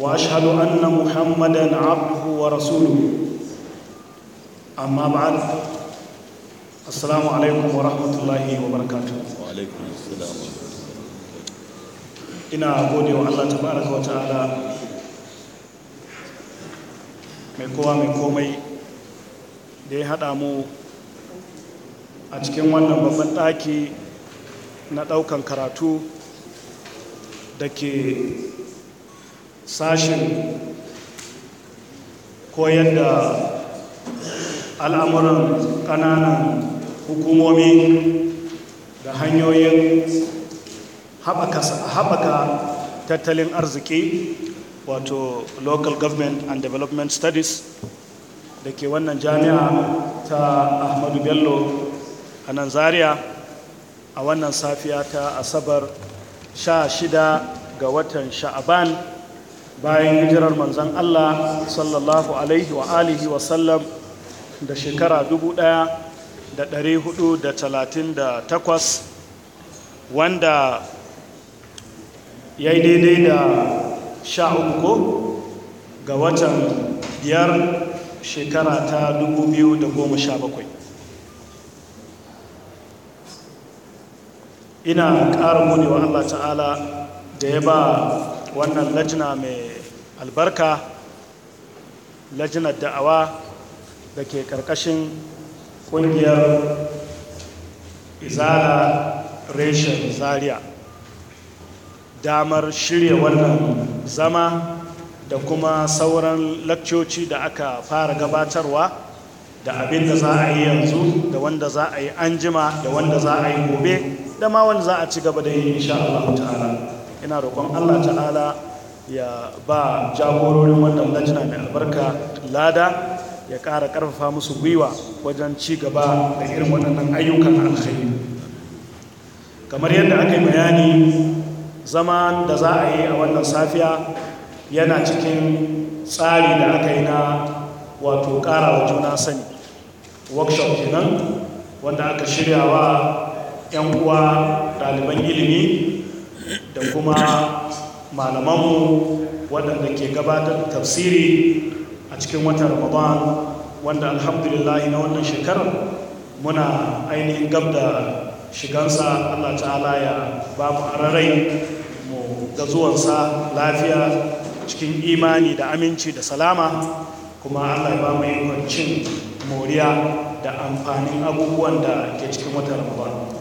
واشهد ان محمدا عبده ورسوله اما بعد السلام عليكم ورحمه الله وبركاته وعليكم السلام ina gode wa Allah tabaraka wa ta'ala mai kowa mai komai da ya haɗa mu a cikin wannan babban ɗaki na ɗaukan karatu da ke sashen koyar da al'amuran ƙananan hukumomi da hanyoyin haɓaka tattalin arziki wato local government and development studies da ke wannan jami'a ta ahmadu bello a nan zaria a wannan safiya ta asabar 16 ga watan sha'aban bayan hijirar manzan Allah sallallahu alaihi wa alihi wa sallam da shekara takwas, wanda ya yi daidai da sha uku ga watan biyar shekara ta da sha 2017 ina ƙara muni Allah ta'ala da ya ba wannan lajina mai albarka lajinar da'awa da ke ƙarƙashin ƙungiyar izala reshen zaria damar shirya wannan zama da kuma sauran lakcoci da aka fara gabatarwa da abin da za a yi yanzu da wanda za a yi anjima da wanda za a yi gobe da ma wanda za a ci gaba da yi insha Allah ta'ala ina roƙon Allah ta'ala ya ba jagororin wannan lajina mai albarka lada ya ƙara ƙarfafa musu gwiwa wajen ci gaba da irin waɗannan ayyukan alkhairi kamar yadda aka yi bayani zaman da za a yi a wannan safiya yana cikin tsari da aka yi na wato ƙara wa juna sani workshop kenan wanda aka shirya wa 'yan uwa ɗaliban ilimi da kuma malamanmu waɗanda ke gabatar da tafsiri a cikin wata ramadan wanda alhamdulillahi na wannan shekarar muna ainihin gab da shigansa allah ta'ala ya ba mu ararai mu ga zuwansa lafiya cikin imani da aminci da salama kuma allah ba mu yi moriya da amfanin abubuwan da ke cikin wata ramadan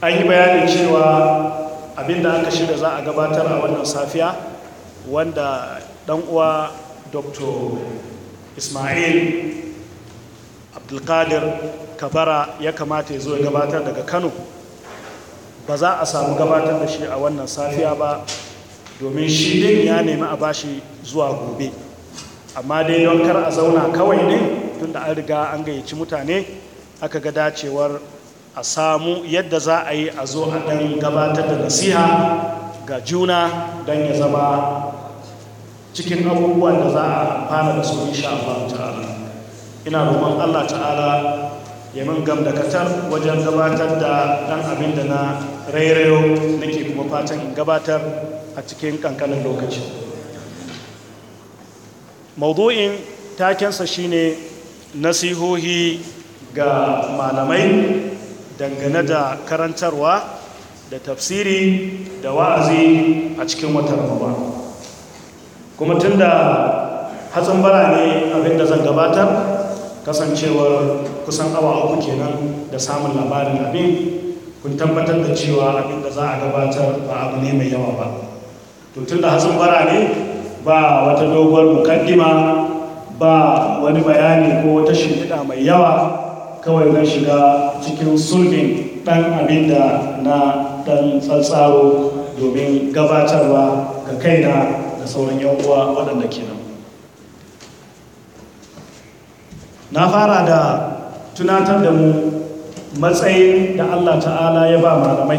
an yi bayanin cewa Abin abinda aka shirya za a gabatar a wannan safiya wanda dan uwa dr ismail abdulkadir kabara ya kamata ya zo ya gabatar daga kano ba za a samu gabatar da shi a wannan safiya ba domin shi din ya nemi a bashi zuwa gobe amma dai don a zauna kawai ne tunda an riga an gayyaci mutane aka ga dacewar a samu yadda za a yi a zo a ɗan gabatar da nasiha ga juna don ya zama cikin abubuwan da za a fara da su insha Allah ta'ala ina roƙon Allah ta'ala ya min gamdakatar wajen gabatar da ɗan abin da na rairayo nake kuma fatan in gabatar a cikin ƙanƙanin lokaci maudu'in takensa shine nasihohi ga malamai dangane da karantarwa da tafsiri da wa'azi a cikin watan ramadan kuma tun da hatsin bara ne abinda zan gabatar kasancewar kusan awa uku kenan da samun labarin abin kun tabbatar da cewa abinda za a gabatar ba abu ne mai yawa ba to da hatsin bara ne ba wata doguwar mukaddima ba wani bayani ko wata shirya mai yawa kawai zan shiga cikin sulhin ɗan abin da na ɗan tsatsaro domin gabatarwa ga kaina da sauran uwa waɗanda ke nan na fara da tunatar da mu matsayin da allah ta'ala ya ba malamai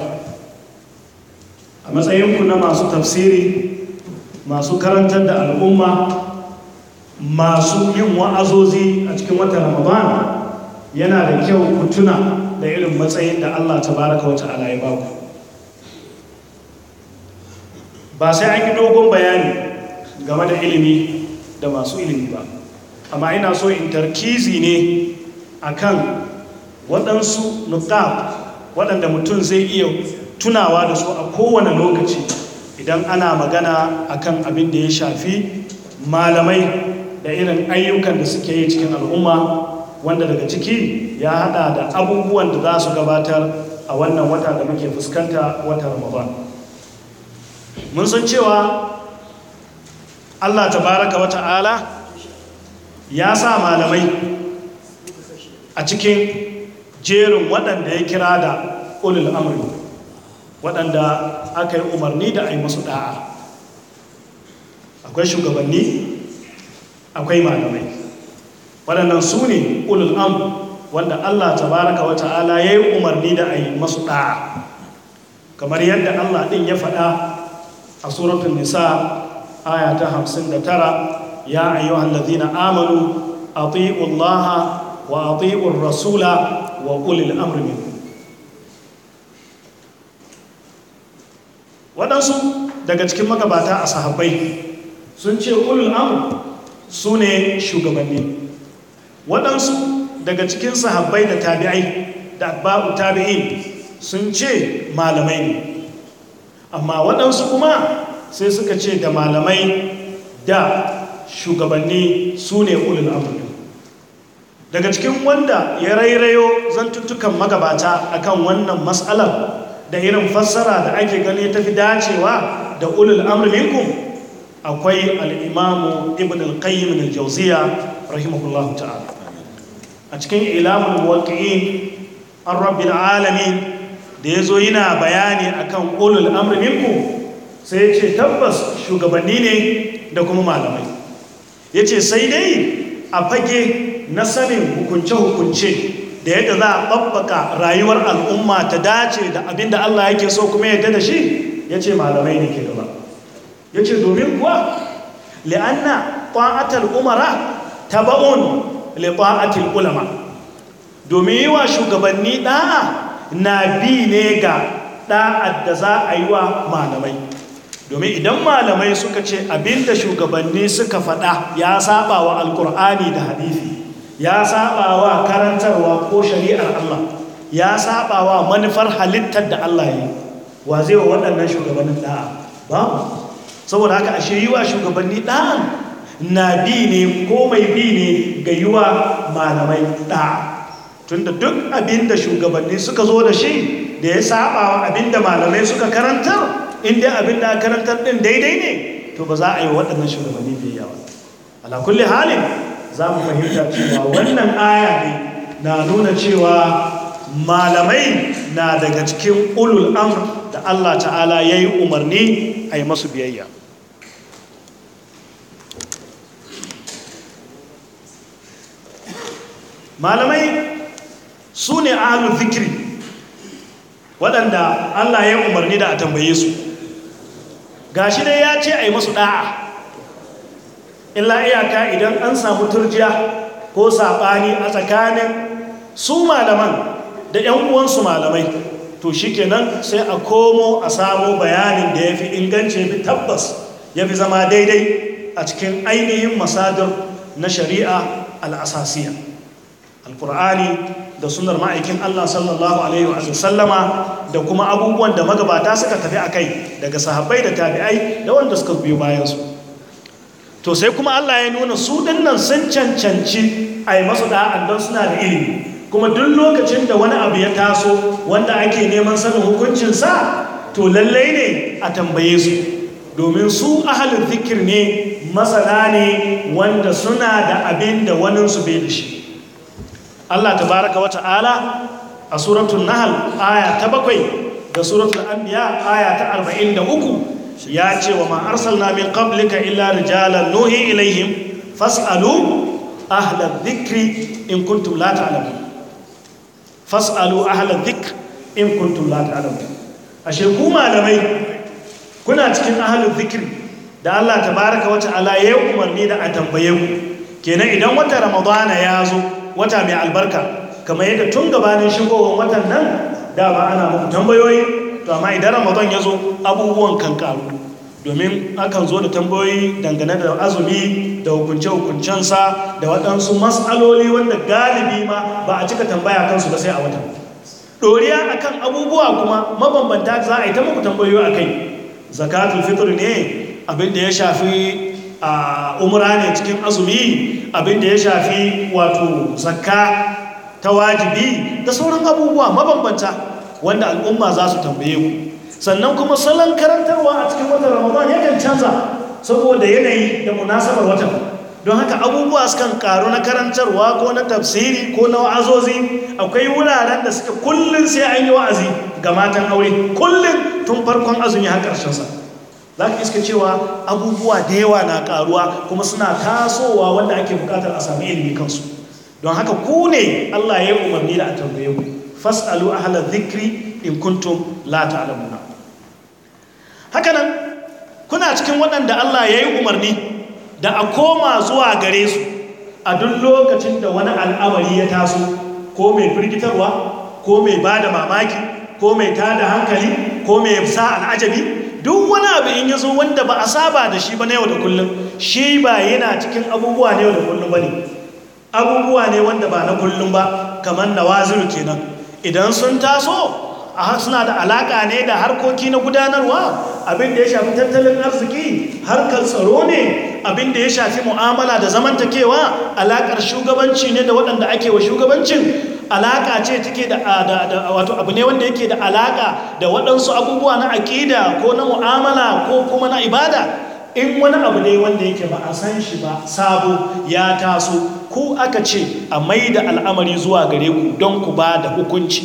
a matsayinku na masu tafsiri masu karantar da al'umma masu yin wa'azozi a cikin watan ramadana yana da kyau ku tuna da irin matsayin da Allah ta baraka wata alayi ba ku ba sai an yi dogon bayani game da ilimi da masu ilimi ba amma ina so in tarkizi ne a kan waɗansu nukab waɗanda mutum zai iya tunawa da su a kowane lokaci idan ana magana a kan abin da ya shafi malamai da irin ayyukan da suke yi cikin al'umma wanda daga ciki ya hada da abubuwan da za su gabatar a wannan wata da muke fuskanta wata ramadan mun san cewa allah Ta baraka wa ta'ala ya sa malamai a cikin jerin waɗanda ya kira da ulul amri waɗanda aka yi umarni da a yi masu ɗa'a akwai shugabanni akwai malamai waɗannan su ne ulul am wanda Allah baraka wa ta'ala ya yi umarni da a yi masu ɗa'a kamar yadda Allah ɗin ya faɗa a suratun nisa aya ta hamsin da tara ya ayyuhan na amanu a Allah wa ati'u rasula wa ulil amri waɗansu daga cikin magabata a sahabbai sun ce ulul am su ne shugabanni waɗansu daga cikin sahabbai da tabi'ai da atba'u tabii sun ce malamai ne amma waɗansu kuma sai suka ce da malamai da shugabanni su ne ulul daga cikin wanda ya rairayo zantuttukan magabata akan wannan matsalar da irin fassara da ake gani ta fi dacewa da ulul amri akwai al'imamu ibn al-qayyim al-jauziya rahimahullahu ta'ala a cikin ilamun waqi'in an da alami da yazo yana bayani akan ulul amri minku sai yace tabbas shugabanni ne da kuma malamai yace sai dai a fage na sanin hukunce hukunce da yadda za a babbaka rayuwar al'umma ta dace da abinda Allah yake so kuma yadda da shi ce malamai ne ke gaba yace domin kuwa li'anna ta'atul umara taba'un lita'atil ulama domin yi wa shugabanni ɗa'a na bi ne ga da'ar da za a yi wa malamai domin idan malamai suka ce abinda shugabanni suka faɗa ya saba wa alkur'ani da hadisi ya saba wa karantarwa ko shari'ar Allah ya saba wa manufar halittar da Allah yi wa zai wa waɗannan shugabannin ɗa'a ba saboda haka ashe yi wa shugabanni ɗa'a. na bi ne ko mai bi ne ga yi malamai ɗa tunda duk abinda shugabanni suka zo da shi da ya saba abin da malamai suka karantar inda abin da karantar ɗin daidai ne to ba za a yi waɗannan shugabanni biyayya yawa ala kulli halin za mu fahimta cewa wannan aya ne na nuna cewa malamai na daga cikin ulul amr da Allah ta'ala ya yi umarni a yi masu biyayya malamai su ne ahalun fikiri waɗanda allah ya umarni da a tambaye su ga shi dai ya ce a yi masu ɗa'a illa iyaka idan an samu turjiya ko saɓani a tsakanin su malaman da 'yan uwansu malamai to shi kenan sai a komo a samo bayanin da ya fi inganci bi tabbas ya fi zama daidai a cikin ainihin masadar na shari'a al'asasiyar alkur'ani da sunar ma'aikin Allah sallallahu alaihi wa sallama da kuma abubuwan da magabata suka tafi a kai daga sahabbai da tabi'ai da wanda suka biyo bayansu to sai kuma Allah ya nuna su dinnan sun cancanci a yi masu da'an don suna da ilimi kuma duk lokacin da wani abu ya taso wanda ake neman sanin hukuncinsa to lallai ne a tambaye su domin su ahalin fikir ne masana ne wanda suna da abin da waninsu bai da shi Allah tabaraka wata'ala a suratul nahl aya ta bakwai da suratul anbiya aya ta arba'in da uku ya ce wa ma arsalna min qablika illa rijalan nuhi ilaihim fas'alu ahla dhikri in kuntum la ta'lamun fas'alu ahla dhikr in kuntum la ta'lamun ashe ku malamai kuna cikin ahlul dhikri da Allah tabaraka wata'ala ya umarni da a tambaye ku kenan idan wata ramadana ya zo wata mai albarka kamar yadda tun gabanin shigowar watan nan da ba ana muku tambayoyi to amma idan ramadan ya zo abubuwan kan karu domin akan zo da tambayoyi dangane da azumi da hukunce-hukuncensa da waɗansu matsaloli wanda galibi ma ba a cika tambaya kansu ba sai a watan ɗoriya akan abubuwa kuma mabambanta za a yi ta muku tambayoyi a kai zakatul fitr ne abin da ya shafi a umra ne cikin azumi abinda ya shafi wato zakka ta wajibi da sauran abubuwa mabambanta wanda al'umma za su tambaye ku sannan kuma salon karantarwa a cikin watan ramadan yakan canza saboda yanayi da munasabar watan don haka abubuwa sukan karu na karantarwa ko na tafsiri ko na wa'azozi akwai wuraren da suka kullum sai an yi wa'azi ga matan aure kullum tun farkon azumi har ƙarshen sa. za ka iska cewa abubuwa da yawa na karuwa kuma suna tasowa wanda ake bukatar a sami ilimi kansu don haka ku ne Allah ya yi umarni da a tambaye ku fasalu halar zikri in kuntum la ta'lamuna haka nan kuna cikin waɗanda Allah ya yi umarni da a koma zuwa gare su a duk lokacin da wani al'amari ya taso ko mai firgitarwa ko mai ba da mamaki ko mai tada hankali ko mai sa al'ajabi duk wani abu in zo wanda ba a saba da shi ba na yau da kullum shi ba yana cikin abubuwa na yau da kullum ba ne. abubuwa ne wanda ba na kullum ba kamar ke kenan idan sun taso a suna da alaka ne da harkoki na gudanarwa abin da ya shafi tattalin arziki harkar tsaro ne abin da ya shafi mu'amala da zamantakewa alakar shugabanci ne da waɗanda ake wa shugabancin alaka ce take da wato abu ne wanda yake da alaka da waɗansu abubuwa na aƙida ko na mu'amala ko kuma na ibada in wani abu ne wanda yake ba a san shi ba sabo ya taso ku aka ce a mai da al'amari zuwa gare ku don ku ba da hukunci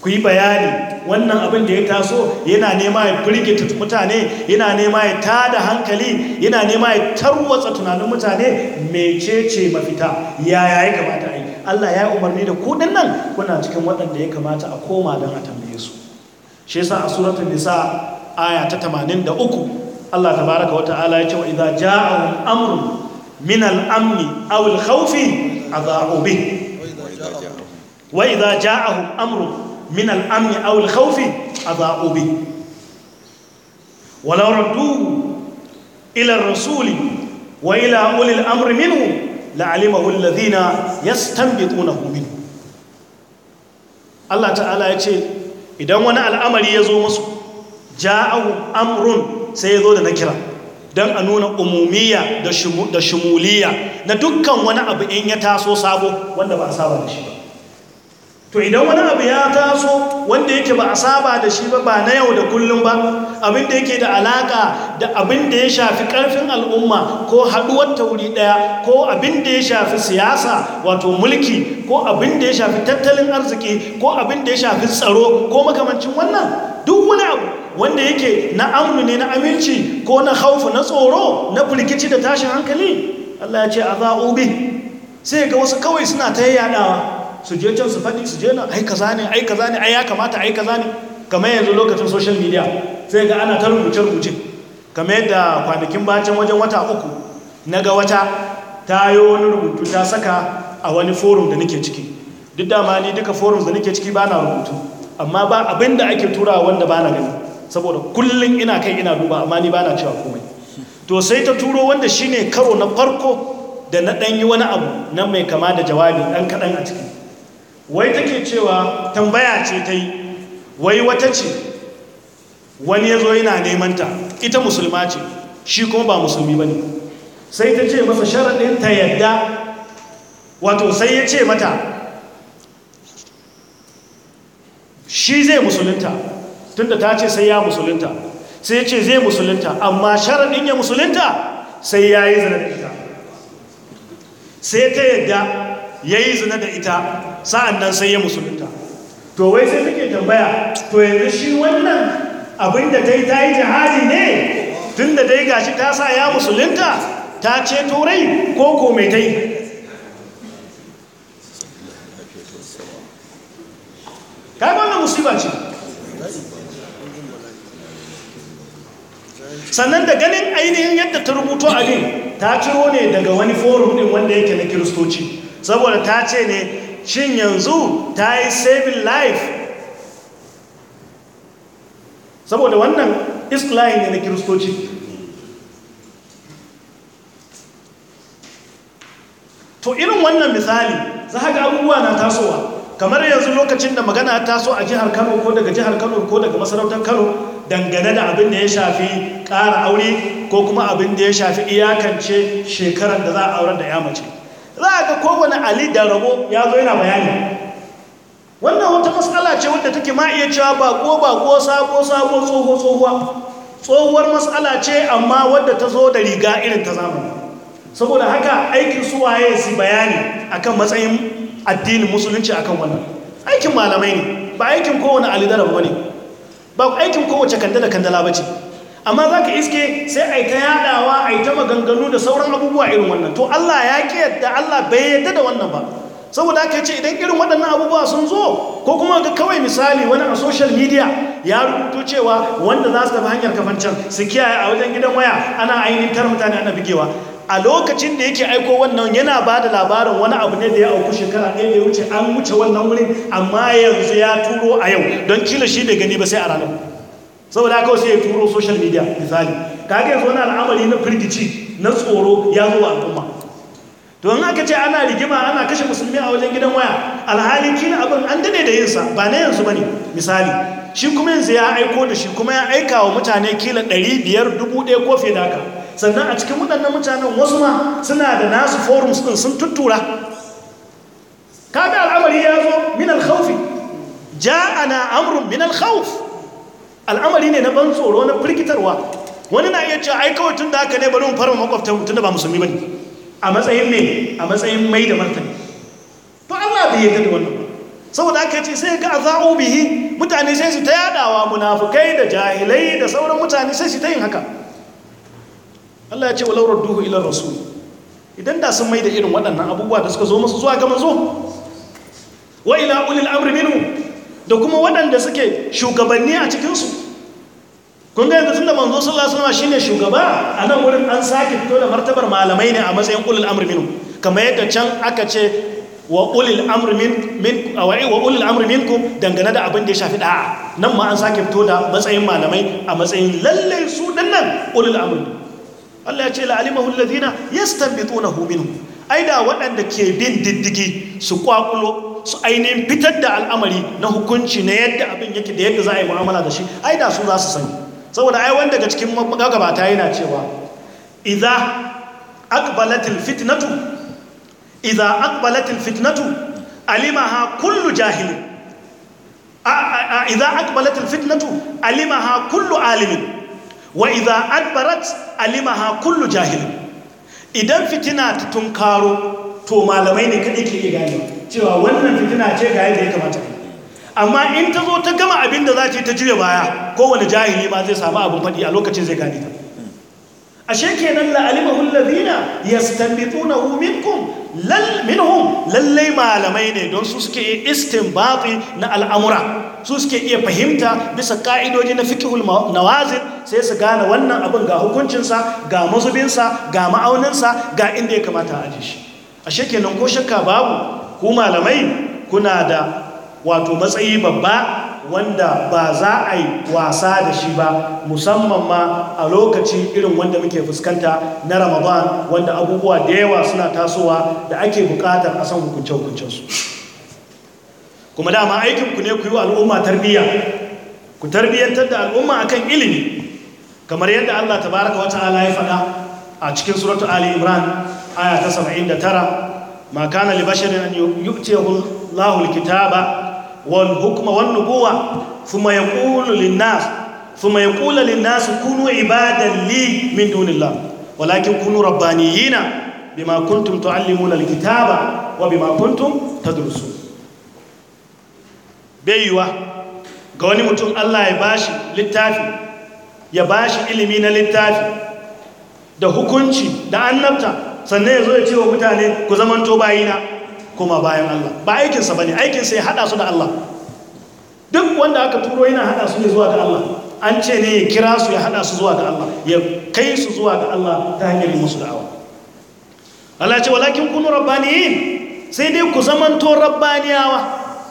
ku yi bayani wannan abin da ya taso yana nema ya firgita mutane yana nema ya tada hankali yana nema ya tarwatsa tunanin mutane mecece mafita yaya ya kamata a Allah ya umarni da kuɗin nan kuna cikin waɗanda ya kamata a koma don a tambaye su shi yasa a suratul nisa aya ta 83 Allah tabaraka wa ta'ala ya ce wa idza ja'ahum amru min al-amn aw al-khawfi adha'u bih wa idza ja'ahum amru min al-amn aw al-khawfi adha'u bih wa law ila ar-rasuli wa ila ulil amri minhu la'alimahu alladhina yastanbitunahu min Allah ta'ala ya ce idan wani al'amari ya zo musu ja'ahu amrun sai ya zo da nakira don a nuna umumiyya da shumuliya na dukkan wani abu in ya taso sabo wanda ba a saba da shi ba to idan wani abu ya taso wanda yake ba a saba da shi ba ba na yau da kullum ba abin da yake da alaka da abin da ya shafi karfin al'umma ko haduwar tauri daya ko abin da ya shafi siyasa wato mulki ko abin da ya shafi tattalin arziki ko abin da ya shafi tsaro ko makamancin wannan duk wani abu wanda yake na amnu ne na aminci ko na haufu na tsoro na firgici da tashin hankali Allah ya ce a za'ubi sai ga wasu kawai suna ta yi yadawa su je can su faɗi su je nan ai kaza ne ai kaza ne ai ya kamata ai kaza ne kamar yanzu lokacin social media sai ga ana ta rubuce rubuce kamar yadda kwanakin bacin wajen wata uku na ga wata ta yi wani rubutu ta saka a wani forum da nake ciki duk da ma ni duka forums da nake ciki ba na rubutu amma ba abin da ake tura wanda ba na gani saboda kullum ina kai ina duba amma ni ba na cewa komai to sai ta turo wanda shine karo na farko da na ɗanyi wani abu nan mai kama da jawabi ɗan kaɗan a ciki wai take cewa tambaya ce ta yi wai wata ce wani ya zo yana nemanta ita musulma ce shi kuma ba musulmi ba ne sai ta ce masa sharaɗin ta yadda wato sai ya ce mata shi zai musulunta tunda ta ce sai ya musulunta sai ya ce zai musulunta amma sharaɗin ya musulunta sai ya yi zina da ita sai ta yadda ya yi zina da ita sa'an nan sai ya musulunta to wai sai suke tambaya to yanzu shi wannan abin da ta yi ta yi jihadi ne tun da ta yi gashi ta sa ya musulunta ta ce turai ko kome ta yi ta wannan musiba ce sannan da ganin ainihin yadda ta rubuto abin ta ciro ne daga wani forum din wanda yake na kiristoci saboda ta ce ne shin yanzu ta yi saving life saboda wannan islayin ne na kiristoci to irin wannan misali za ga abubuwa na tasowa kamar yanzu lokacin da magana taso a jihar kano ko daga jihar kano ko daga masarautar kano dangane da abin da ya shafi ƙara aure ko kuma abin da ya shafi iyakance shekarar da za a auren da ya mace za a ga kowane ali da rabo ya zo yana bayani wannan wata matsala ce wadda take ma iya cewa bako bako sabo sabo tsoho tsohuwa tsohuwar matsala ce amma wadda ta zo da riga irin ta zamani saboda haka aikin su waye su bayani akan matsayin addinin musulunci akan wannan aikin malamai ne ba aikin kowane ali da rabo ne ba aikin kowace kandala kandala ba ce amma za ka iske sai a yi ta yadawa a yi ta maganganu da sauran abubuwa irin wannan to Allah ya ƙi yadda Allah bai yadda da wannan ba saboda ka ce idan irin waɗannan abubuwa sun zo ko kuma ga kawai misali wani a social media ya rubuto cewa wanda za su tafi hanyar kafancan su kiyaye a wajen gidan waya ana ainihin tara mutane ana bugewa a lokacin da yake aiko wannan yana ba da labarin wani abu ne da ya auku shekara ɗaya da ya wuce an wuce wannan wurin amma yanzu ya turo a yau don kila shi bai gani ba sai a ranar saboda kawai wasu ya turo social media misali kaga yanzu wani al'amari na firgici na tsoro ya zo al'umma to in aka ce ana rigima ana kashe musulmi a wajen gidan waya alhali kina abin an dade da yinsa ba na yanzu bane misali shi kuma yanzu ya aiko da shi kuma ya aika wa mutane kila ɗari biyar dubu ɗaya ko fiye da haka sannan a cikin waɗannan mutanen wasu ma suna da nasu forums ɗin sun tuttura kaga al'amari ya zo min alkhawfi ja'ana amrun min alkhawf al'amari ne na ban tsoro na firgitarwa wani na iya cewa ai kawai tun da haka ne bari mu farma makwabtan mutum da ba musulmi a matsayin ne a matsayin mai da martani to Allah bai yarda da wannan ba saboda haka ce sai ga azau bihi mutane sai su ta yadawa munafukai da jahilai da sauran mutane sai su ta yin haka Allah ya ce walau radduhu ila rasul idan da sun mai da irin waɗannan abubuwa da suka zo masu zuwa ga mazo wa ila ulil amri minhu da kuma waɗanda suke shugabanni a cikinsu kun ga yanzu da manzo sallallahu alaihi shine shugaba a nan wurin an sake fito da martabar malamai ne a matsayin ulul amr minhu kamar yadda can aka ce wa ulul amr dangane da abin da ya shafi da'a nan ma an sake fito da matsayin malamai a matsayin lalle su dinnan ulul amr Allah ya ce la alimahu alladhina yastanbitunahu minhu aida waɗanda ke bin diddigi su kwakulo su ainihin fitar da al'amari na hukunci na yadda abin yake da yadda za a yi mu'amala da shi ai da su za su sani saboda ai wanda daga cikin gabata yana cewa idza aqbalatil fitnatu idza aqbalatil fitnatu alimaha kullu jahilin idza aqbalatil fitnatu alimaha kullu alimin wa idza adbarat alimaha kullu jahilin idan fitina ta tunkaro to malamai ne kadai ke iya cewa wannan fitina ce ga yadda ya kamata amma in ta zo ta gama abin da za ce yi ta juya baya kowane jahili ma zai samu abin faɗi a lokacin zai gane ta ashe kenan la'alimahu alladhina yastanbitunahu minkum lal minhum lallai malamai ne don su suke iya istinbati na al'amura su suke iya fahimta bisa ka'idoji na fikihul nawazin sai su gane wannan abin ga hukuncinsa ga mazubinsa ga ma'auninsa ga inda ya kamata a aje shi ashe kenan ko shakka babu ku malamai kuna da wato matsayi babba wanda ba za a yi wasa da shi ba musamman ma a lokaci irin wanda muke fuskanta na ramadan wanda abubuwa da yawa suna tasowa da ake bukatar a san hukunce-hukuncensu kuma dama aikinku ne ku yi al'umma tarbiyya ku tarbiyyantar da al'umma akan ilimi kamar yadda allah ta baraka wata ala ya faɗa a cikin suratu ali imran aya ta 79 ما كان لبشر أن يؤتيه الله الكتاب والحكم والنبوة ثم يقول للناس ثم يقول للناس كونوا عبادا لي من دون الله ولكن كونوا ربانيين بما كنتم تعلمون الكتاب وبما كنتم تدرسون بيوا غوني متون الله يباش للتافي يباش littafi للتافي ده ilimi ده littafi sannan ya zo ya ce wa mutane ku to bayina kuma bayan Allah ba aikinsa ba ne aikinsa ya haɗa su da Allah duk wanda aka turo yana haɗa su ne zuwa ga Allah an ce ne ya kira su ya haɗa su zuwa ga Allah ya kai su zuwa ga Allah ta hanyar musu da'awa Allah ce walakin kunu rabbaniyin sai dai ku to rabbaniyawa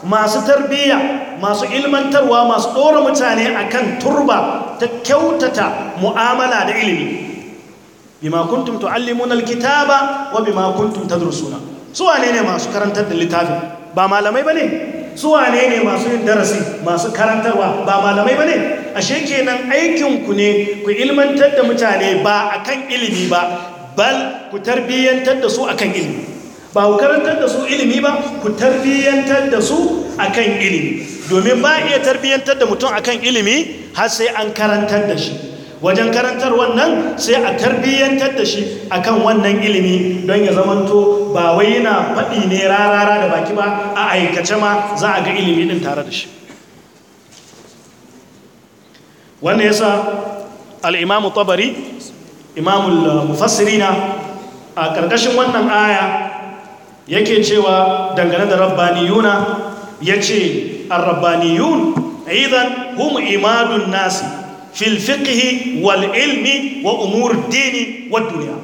masu tarbiyya masu ilmantarwa masu ɗora mutane akan turba ta kyautata mu'amala da ilimi bima kuntum tuallimuna alkitaba wa bima kuntum tadrusuna su wane ne masu karantar da littafin ba malamai bane su wane ne masu yin darasi masu karantarwa ba malamai bane ashe kenan aikin ku ne ku ilmantar da mutane ba akan ilimi ba bal ku tarbiyyantar da su akan ilimi ba ku karantar da su ilimi ba ku tarbiyyantar da su akan ilimi domin ba iya tarbiyyantar da mutum akan ilimi har sai an karantar da shi wajen karantar wannan sai a tarbiyyantar da shi akan wannan ilimi don ya zamanto ba wai yana faɗi ne rarara da baki ba a aikace ma za a ga ilimi ɗin tare da shi wannan yasa al'imamu tabari imamu mufassirina a ƙarƙashin wannan aya yake cewa dangane da rabbaniyuna ya ce zan hu mu imadun nasi fil fiqhi wal ilmi wa umur dini wa dunya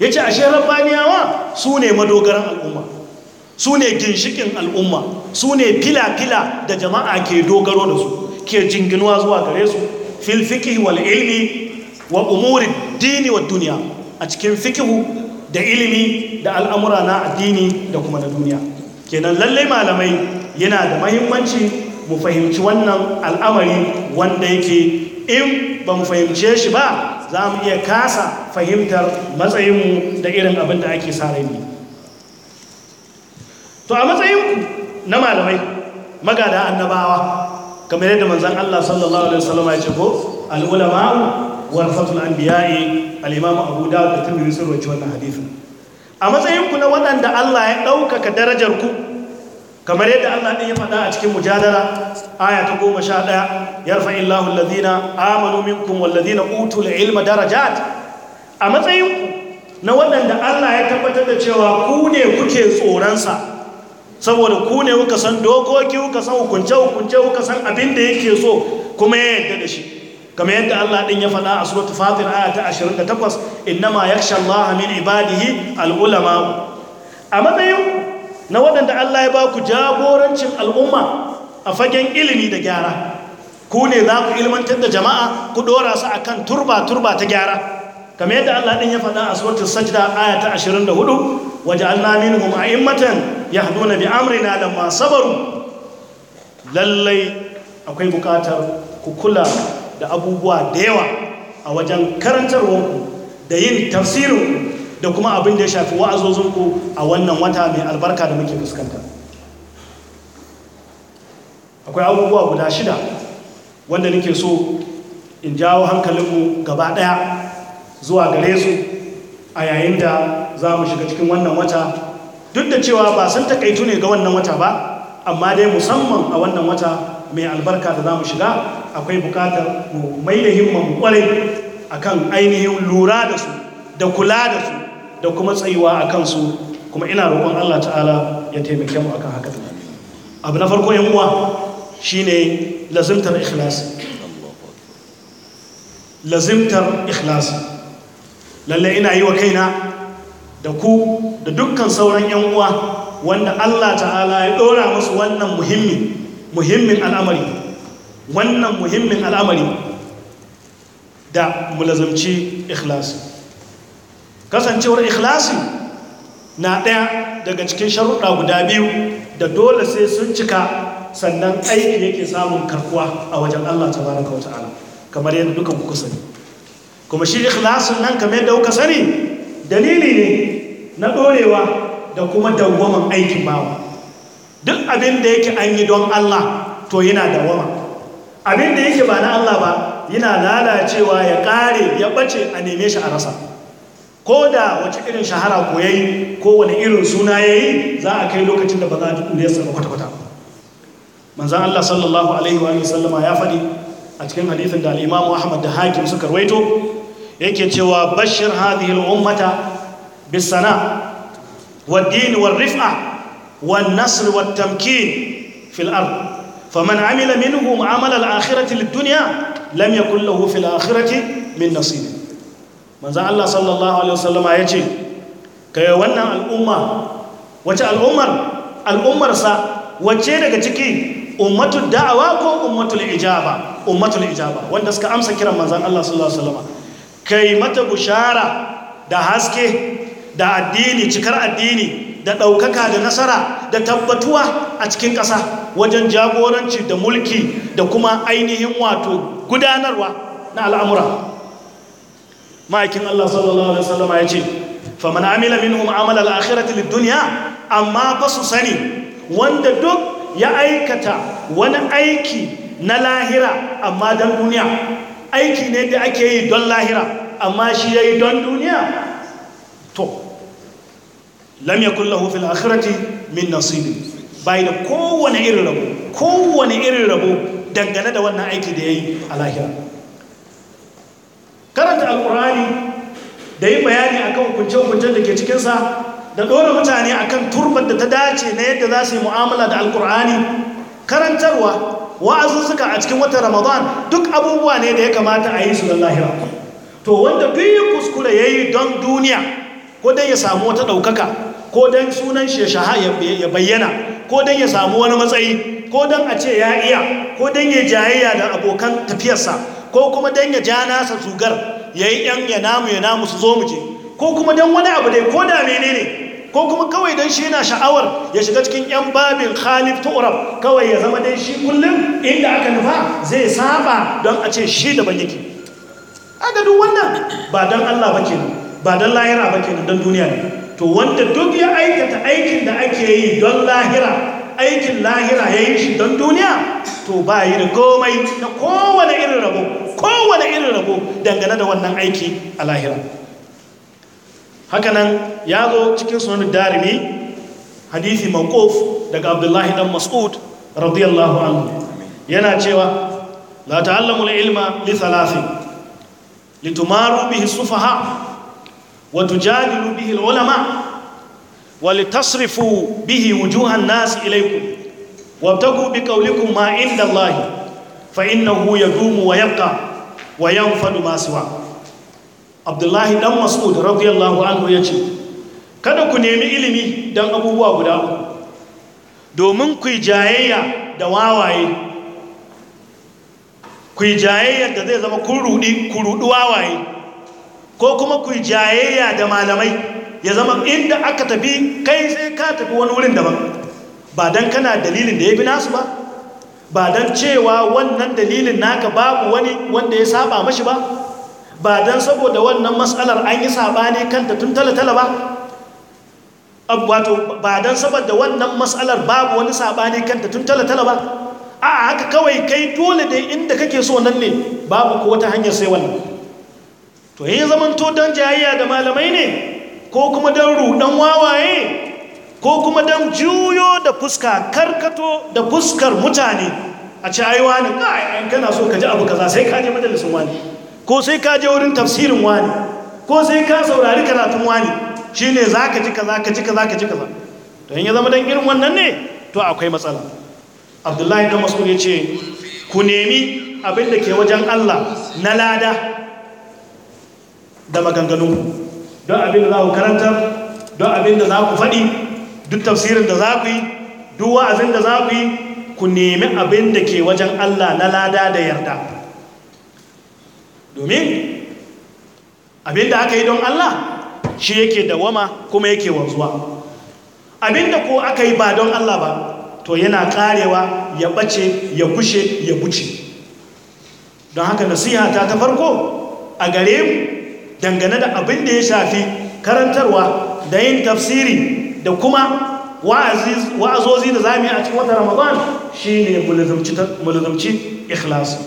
yace ashe rabbaniyawa su ne madogaran al'umma su ne ginshikin al'umma su ne fila-fila da jama'a ke dogaro da su ke jinginuwa zuwa gare su fil fiqhi wal ilmi wa umuri dini wa duniya a cikin fikihu da ilimi da al'amura na addini da kuma na duniya kenan lallai malamai yana da mahimmanci mu fahimci wannan al'amari wanda yake in ba mu fahimce shi ba za mu iya kasa fahimtar matsayinmu da irin abin da ake sa rai to a matsayinku na malamai magada annabawa kamar yadda manzan Allah sallallahu alaihi wasallam ya ce ko al-ulama'u warasatul anbiya'i al-imam Abu Dawud da Tirmidhi sun rawaito wannan hadisi a matsayinku na waɗanda Allah ya ɗaukaka darajar ku kamar yadda Allah ɗin ya faɗa a cikin mujadara aya ta goma sha ɗaya ya rufa illahu lalzina amanu minkum wallazina utul ilma darajat a matsayin na waɗanda Allah ya tabbatar da cewa ku ne kuke tsoronsa saboda ku ne kuka san dokoki kuka san hukunce hukunce kuka san abin da yake so kuma ya yarda da shi kamar yadda Allah ɗin ya faɗa a suratul fatir aya ta 28 innama yakhsha Allah min ibadihi al ulama a matsayin na waɗanda Allah ya ba ku jagorancin al'umma a fagen ilimi da gyara ku ne za ku ilmantar da jama'a ku ɗora su a kan turba-turba ta gyara kamar yadda Allah ɗin ya faɗa a suwatar sajda aya ta 24 waje an namin yi matan ya na bi amrina da sabaru lallai akwai bukatar ku kula da abubuwa da yawa a wajen karantarwarku da yin tafsirinku da kuma abin da ya shafi wa'azozinku a wannan wata mai albarka da muke fuskanta akwai abubuwa guda shida wanda nake so in jawo hankalinmu gaba ɗaya zuwa gare su a yayin da za mu shiga cikin wannan wata duk da cewa ba sun takaitu ne ga wannan wata ba amma dai musamman a wannan wata mai albarka da za mu shiga akwai bukatar mu mai da himman kwarai akan ainihin lura da su da kula da su da kuma tsayuwa a kansu kuma ina roƙon Allah ta'ala ya taimake mu akan haka abu na farko yan uwa shine lazimtar ikhlas lazimtar ikhlas lalle ina yi wa kaina da ku da dukkan sauran yan uwa wanda Allah ta'ala ya dora musu wannan muhimmi muhimmin al'amari wannan muhimmin al'amari da mu lazimci ikhlas kasancewar ikhlasi na ɗaya daga cikin sharuɗa guda biyu da dole sai sun cika sannan aiki yake samun karkuwa a wajen Allah tabaraka wa ta'ala kamar yadda dukan kuka sani kuma shi ikhlasin nan kamar yadda kuka sani dalili ne na ɗorewa da kuma dawwaman aikin bawa duk abin da yake an yi don Allah to yana dawwama abin da yake ba na Allah ba yana lalacewa ya ƙare ya ɓace a neme shi a rasa ko da wace irin shahara ko yayi ko wani irin suna yayi za a kai lokacin da ba za a dukule sa kwata kwata manzon Allah sallallahu alaihi wa sallama ya faɗi a cikin hadisin da al'imamu Ahmad da Hakim suka rawaito yake cewa bashir hadhihi al-ummata bis-sana din war-rif'a wan-nasr wat-tamkin Fa ard فمن عمل منهم عمل الآخرة lam لم يكن له في الآخرة min نصيب manzan Allah sallallahu Alaihi wasallama ya ce kai wannan al'umma wace al'ummar al'ummarsa wace daga ciki ummatu da'awa ko ummatu ijaba ummatu ijaba wanda suka amsa kiran manzan Allah sallallahu alaihi wasallama kai mata bushara da haske da addini cikar addini da ɗaukaka da nasara da tabbatuwa a cikin ƙasa wajen jagoranci da mulki da kuma ainihin wato gudanarwa na al'amura ma'aikin Allah sallallahu alaihi wasallam ya ce fa amila minhum amala al-akhirati amma ba su sani wanda duk ya aikata wani aiki na lahira amma don duniya aiki ne da ake yi don lahira amma shi yayi don duniya to lam yakul lahu fil akhirati min nasibi bai da kowane irin rabo kowane irin rabo dangane da wannan aiki da ya yi a lahira karanta alkurani da yi bayani a kan hukunce-hukuncen da ke cikinsa da ɗora mutane a kan turbar da ta dace na yadda za su yi mu'amala da alkurani karantarwa wa'azuzzuka a cikin watan ramadan duk abubuwa ne da ya kamata a yi su da lahira to wanda duk yi kuskure ya yi don duniya ko don ya samu wata ɗaukaka ko don sunan shi ya bayyana ko don ya samu wani matsayi ko don a ce ya iya ko don ya jayayya da abokan tafiyarsa ko kuma don ya ja nasa zugar ya yi ‘yan ya namu ya namu su zo mu je ko kuma don wani abu dai ko da mene ne ko kuma kawai don shi na sha'awar ya shiga cikin ‘yan babin khalif tu'rab kawai ya zama dai shi kullum inda aka nufa zai saba don a ce shi da ban yake aga duk wannan ba don allah ba ke ba don lahira ba nan don duniya ne to wanda duk ya aikata aikin da ake yi don lahira aikin lahira ya yi shi don duniya to ba yi da komai na kowane irin rabo kowane irin rabo dangane da wannan aiki a lahira hakanan ya zo cikin sunan darimi hadisi mankof daga abdullahi dan mas'ud radiyallahu anhu yana cewa la ta'allamul ilma li thalathi litumaru bihi sufaha wa tujadilu bihi ulama wa litasrifu bihi wujuhan nas ilaykum wabtagu biqawlikum ma inda allahi fa ya yadumu wa 'yanka wa yanfadu masu siwa Abdullahi dan Mas'ud radiyallahu anhu ce, kada ku nemi ilimi dan abubuwa guda uku domin ku jayayya da wawaye ku jayayya da zai zama kun rudi wawaye ko kuma ku jayayya da malamai ya zama inda aka tafi kai sai ka tafi wani wurin daban ba dan kana dalilin da ya bi nasu ba ba don cewa wannan dalilin naka babu wani wanda ya saba mashi ba ba don saboda wannan matsalar an yi sabani kanta tun talatala ba wato ba don saboda wannan matsalar babu wani sabani kanta tun talatala ba a haka kawai kai dole da inda kake so nan ne babu ko wata hanyar sai wannan to yi zamanto don jayayya da malamai ne ko kuma don ruɗan wawaye ko kuma don juyo da fuska karkato da fuskar mutane a ci ai wani kai kana so ka ji abu kaza sai ka je majalisin wani ko sai ka je wurin tafsirin wani ko sai ka saurari karatun wani shi ne za ka ji ka za ka ji ka za ka ji ka za. to in ya zama don irin wannan ne to akwai matsala abdullahi na masu ya ce ku nemi abin da ke wajen Allah na lada da maganganu don abin da za ku karanta don abin da za ku faɗi duk tafsirin da za ku yi duk wa'azin da za ku yi ku nemi abin da ke wajen Allah na lada da yarda domin abin da aka yi don Allah shi yake dawama kuma yake wanzuwa abin da ko aka yi ba don Allah ba to yana karewa ya bace ya kushe ya buce don haka nasiha ta ta farko a gare mu dangane da abin da ya shafi karantarwa da yin tafsiri da kuma wa'azozi da zamu yi a cikin watan ramadan shine mulzumci ikhlas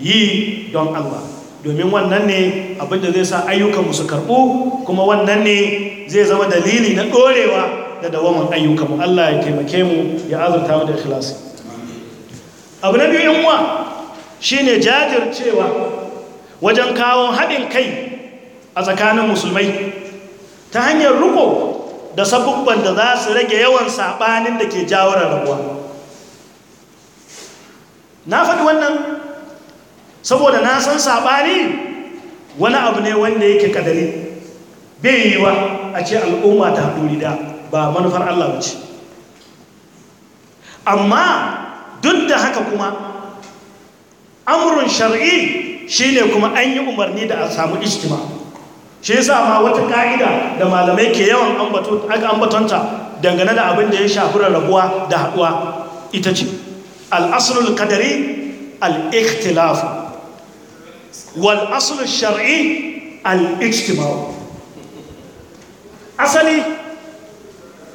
yi don Allah domin wannan ne abinda zai sa ayyukanmu su karɓu kuma wannan ne zai zama dalili na ɗorewa da dawamin ayyukanmu Allah ya taimake mu ya azurta mu da ikhlasi abu na biyu yan uwa shine jajircewa wajen kawo haɗin kai a tsakanin musulmai ta hanyar riko da sabubban da za su rage yawan saɓanin da ke jawo rabuwa. na faɗi wannan saboda na san saɓani wani abu ne wanda yake kadari bai yi wa a ce al'umma ta haɗuri da ba manufar Allah wuce amma duk da haka kuma amurin shari'i shine kuma an yi umarni da a samu iskima shi sa ma wata ka'ida da malamai ke yawan ambatonta dangane da abin da ya shafura rabuwa da haɗuwa ita ce al'asulul kadari al'ikhtilafu wal asulul shari'i al'ijtimawu asali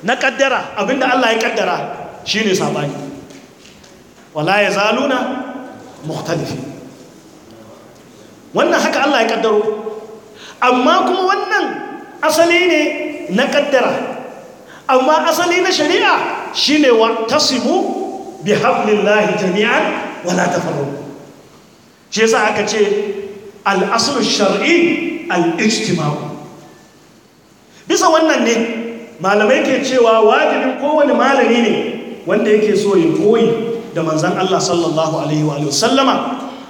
na kaddara abin da Allah ya kaddara shi ne sabani wala ya zaluna muhtalifi wannan haka Allah ya kaddaro amma kuma wannan asali ne na kaddara amma asali na shari'a shine wa tasimu bi hablillahi jami'an wala tafarru shi yasa aka ce al-aslu shar'i al-ijtima'u bisa wannan ne malamai ke cewa wajibin kowane malami ne wanda yake so ya koyi da manzon Allah sallallahu alaihi wa sallama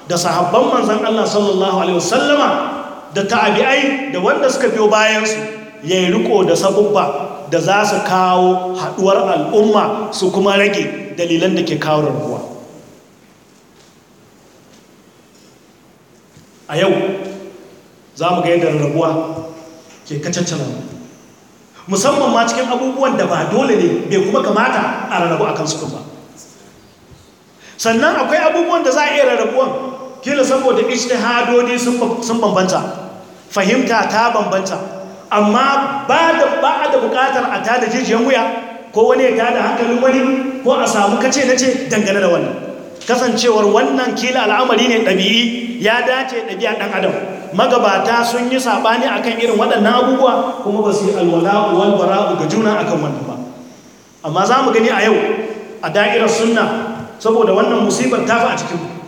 da sahabban manzon Allah sallallahu alaihi wa sallama da ta'abi'ai da wanda suka biyo bayansu ya yi riko da sabubba da za su kawo haɗuwar al'umma su kuma rage dalilan da ke kawo rabuwa a yau za mu ga da rabuwa ke kacaccana musamman ma cikin abubuwan da ba dole ne bai kuma kamata a rarrabu a kansu ba sannan akwai abubuwan da za a iya rarrabuwan kila saboda ijtihadodi sun bambanta fahimta ta bambanta amma ba da ba da bukatar a tada jijiyan wuya ko wani ya tada hankalin wani ko a samu kace nace dangane da wannan kasancewar wannan kila al'amari ne ɗabi'i ya dace ɗabi'a ɗan adam magabata sun yi saɓani akan irin waɗannan abubuwa kuma ba su yi alwala wal bara'u ga juna akan wannan ba amma za mu gani a yau a da'irar sunna saboda wannan musibar ta fi a cikin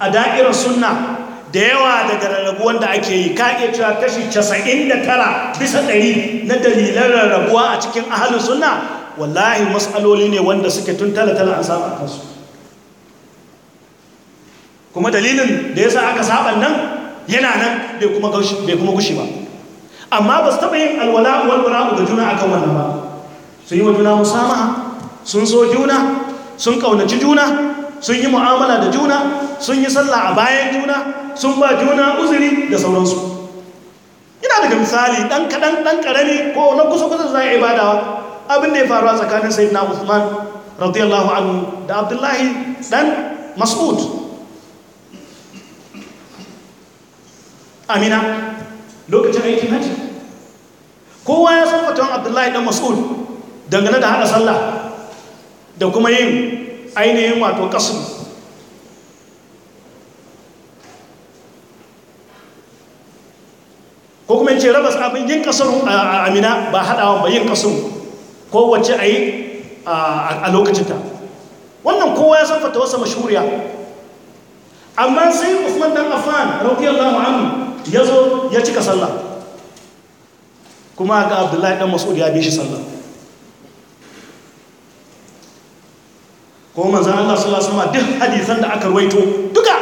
a da'irar suna da yawa daga rarrabuwan da ake yi ka iya cewa kashi 99 bisa ɗari na dalilan rarrabuwa a cikin ahalin suna, wallahi matsaloli ne wanda suke tun talatala a saba kansu kuma dalilin da ya sa aka saban nan yana nan bai kuma gushi ba amma ba su taɓa yin alwala walwala da juna akan wannan ba sun yi wa juna musama sun so juna sun ƙaunaci juna sun yi mu'amala da juna sun yi sallah a bayan juna sun ba juna uzuri da sauransu ina daga misali ɗan kaɗan ɗan ƙarami ko na kusa kusa za a yi badawa abin da ya faru a tsakanin sai na usman radiyallahu anhu da abdullahi ɗan mas'ud amina lokacin aiki haji kowa ya san fatan abdullahi ɗan mas'ud dangane da haɗa sallah da kuma yin ainihin wato kasu ko kuma ce rabas abin yin kasar amina ba haɗawa ba yin kasu kowace a yi a lokacinta wannan kowa ya san fata wasa mashuriya amma sai usman dan afan radiyallahu anhu ya zo ya cika sallah kuma ga abdullahi dan masu ya bi shi sallah ko manzan Allah sallallahu alaihi duk hadisan da aka ruwaito duka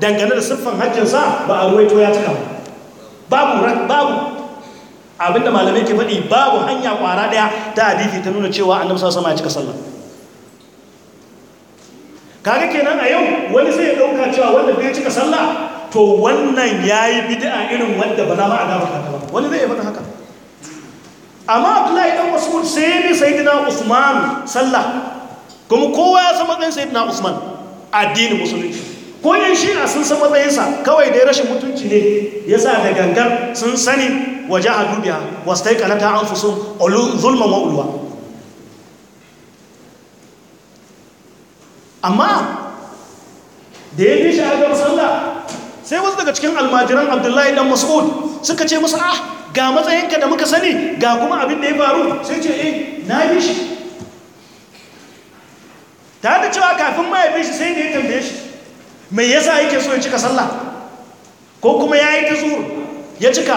dangane da siffan hajjinsa ba a ruwaito ya cika babu babu abinda malamai ke faɗi babu hanya ƙwara ɗaya ta hadisi ta nuna cewa annabi sallallahu alaihi ya cika sallah kaga kenan a yau wani sai ya ɗauka cewa wanda bai cika sallah to wannan ya yi bid'a irin wanda ba za ma a ka ba wani zai faɗa haka amma abdullahi ɗan wasu sai ne sayyidina usman sallah kuma kowa ya san matsayin Ibn usman addinin musulunci ko shi shi'a sun san matsayinsa kawai dai rashin mutunci ne ya sa da gangar sun sani waje a dubiya wasu ta yi kanata an fi sun zulman ma'uluwa amma da ya fi shi a gaba sanda sai wasu daga cikin almajiran abdullahi dan mas'ud suka ce masa ah ga matsayinka da muka sani ga kuma abin da ya faru sai ce eh na yi shi ta da cewa kafin mahaifin shi sai da ya tambaye shi mai yasa yake so ya cika sallah ko kuma ya yi tuzur ya cika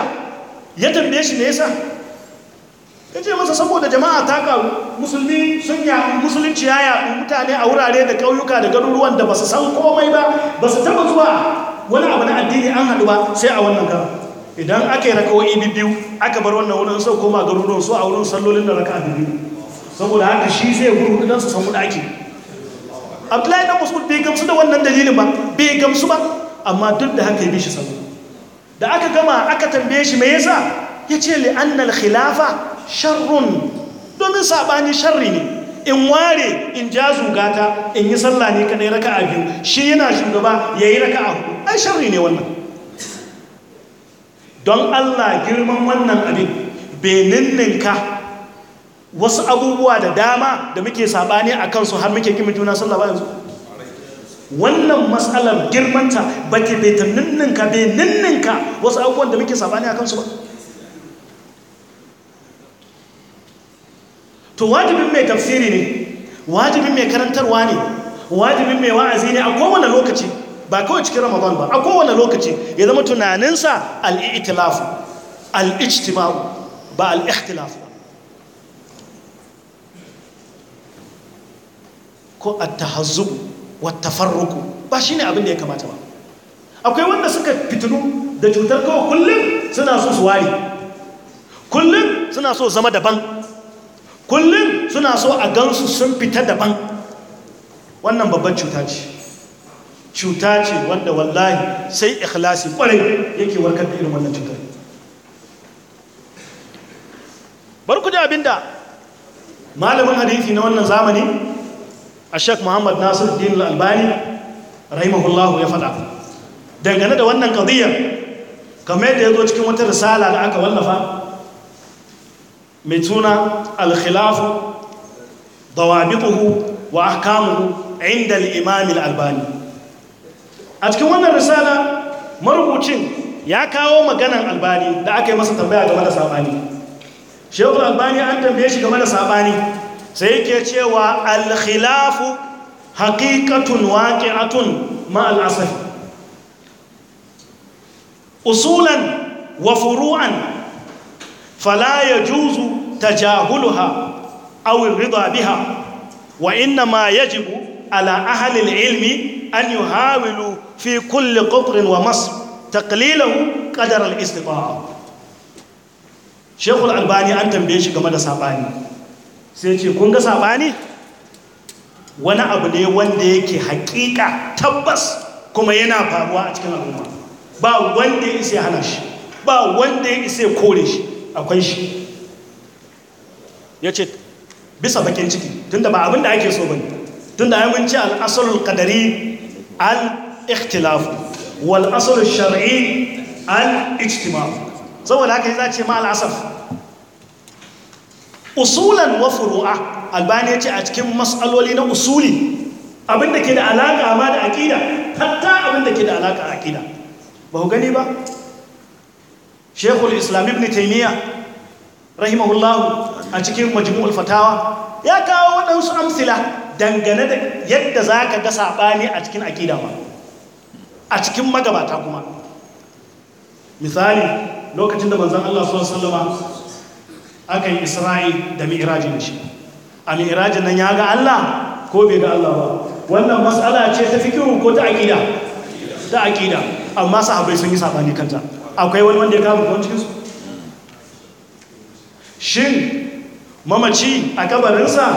ya tambaye shi ne yasa ya ce masa saboda jama'a ta karu musulmi sun yaɗu musulunci ya yaɗu mutane a wurare da ƙauyuka da garuruwan da ba su san komai ba ba su taɓa zuwa wani abu na addini an haɗu ba sai a wannan gaba idan aka yi wa'i biyu aka bar wannan wurin sau koma garuruwan su a wurin sallolin da raka biyu saboda haka shi zai gudu idan su san wuɗa abdullahi dan mas'ud bai gamsu da wannan dalilin ba bai gamsu ba amma duk da haka ya bi shi sallah da aka gama aka tambaye shi me yasa yace li annal khilafa sharrun domin sabani sharri ne in ware in ja zugata in yi sallah ne kadai raka'a biyu shi yana shugaba yayi raka'a hudu ai sharri ne wannan don Allah girman wannan abin bai ninninka wasu abubuwa da dama da muke sabani a kansu har muke kimin juna sallaba yanzu wannan matsalar girmanta ba ke beta ninninka be ninninka wasu abubuwan da muke sabani a kansu ba to wajibin mai tafsiri ne wajibin mai karantarwa ne wajibin mai wa'azi ne a kowane lokaci ba kawai cikin ramadan ba a kowane lokaci ya zama tunaninsa al al'ijtima'u ba al'ihtilafu ko attahazzu wat tafarruqu ba ne abin da ya kamata ba akwai wanda suka fitinu da cutar kawai kullum suna so su ware kullum suna so zama daban kullum suna so a gansu sun fita daban wannan babban cuta ce cuta ce wanda wallahi sai ikhlasi kwarai yake warkar da irin wannan cutar bar ku da abinda malamin hadithi na wannan zamani a shek muhammad nasiruddin albani rahimahullahu ya faɗa dangane da wannan ƙadiyar kamar yadda ya zo cikin wata risala da aka wallafa mai tuna alkhilafu dawabituhu wa ahkamuhu inda al'imamil albani a cikin wannan risala marubucin ya kawo maganar albani da aka yi masa tambaya game da saɓani shekul albani an tambaye shi game da sabani. sai yake cewa alkhilafu haqiqatun waqi'atun ma al al'asr usulan wa furu'an fala yajuzu tajahuluha aw ar-ridha biha wa inna ma yajibu ala ahli al-ilmi an yuhawilu fi kulli qatr wa masr taqlilahu qadar al-istita'a al Albani an tambaye shi game da sabani sai ce kun ga saɓani wani abu ne wanda yake hakika tabbas kuma yana faruwa a cikin al'umma ba wanda ya isa hana shi ba wanda ya isa kore shi akwai shi ya ce bisa bakin ciki tunda ba abinda ake so bane tunda ya mun ce al qadari al-ikhtilaf wal asalul shar'i al-ijtima' saboda haka zace ma al'asar. usulan wa furu'a albani ya ce a cikin masaloli na usuli abinda ke da alaƙa ma da aƙida hatta abinda ke da alaƙa aƙida ba ku gani ba shekul islam ibn taimiyya rahimahullahu a cikin majmu'ul fatawa ya kawo waɗansu amsila dangane da yadda za ka ga saɓani a cikin aƙida ma. a cikin magabata kuma misali lokacin da manzan allah sallama aka yi isra'i da mi'iraji da shi a mi'irajin nan ya ga Allah ko bai ga Allah ba wannan matsala ce ta fikiru ko ta aƙida ta aƙida amma sahabbai sun yi sabani kanta akwai wani wanda ya kama kwan su shin mamaci a kabarinsa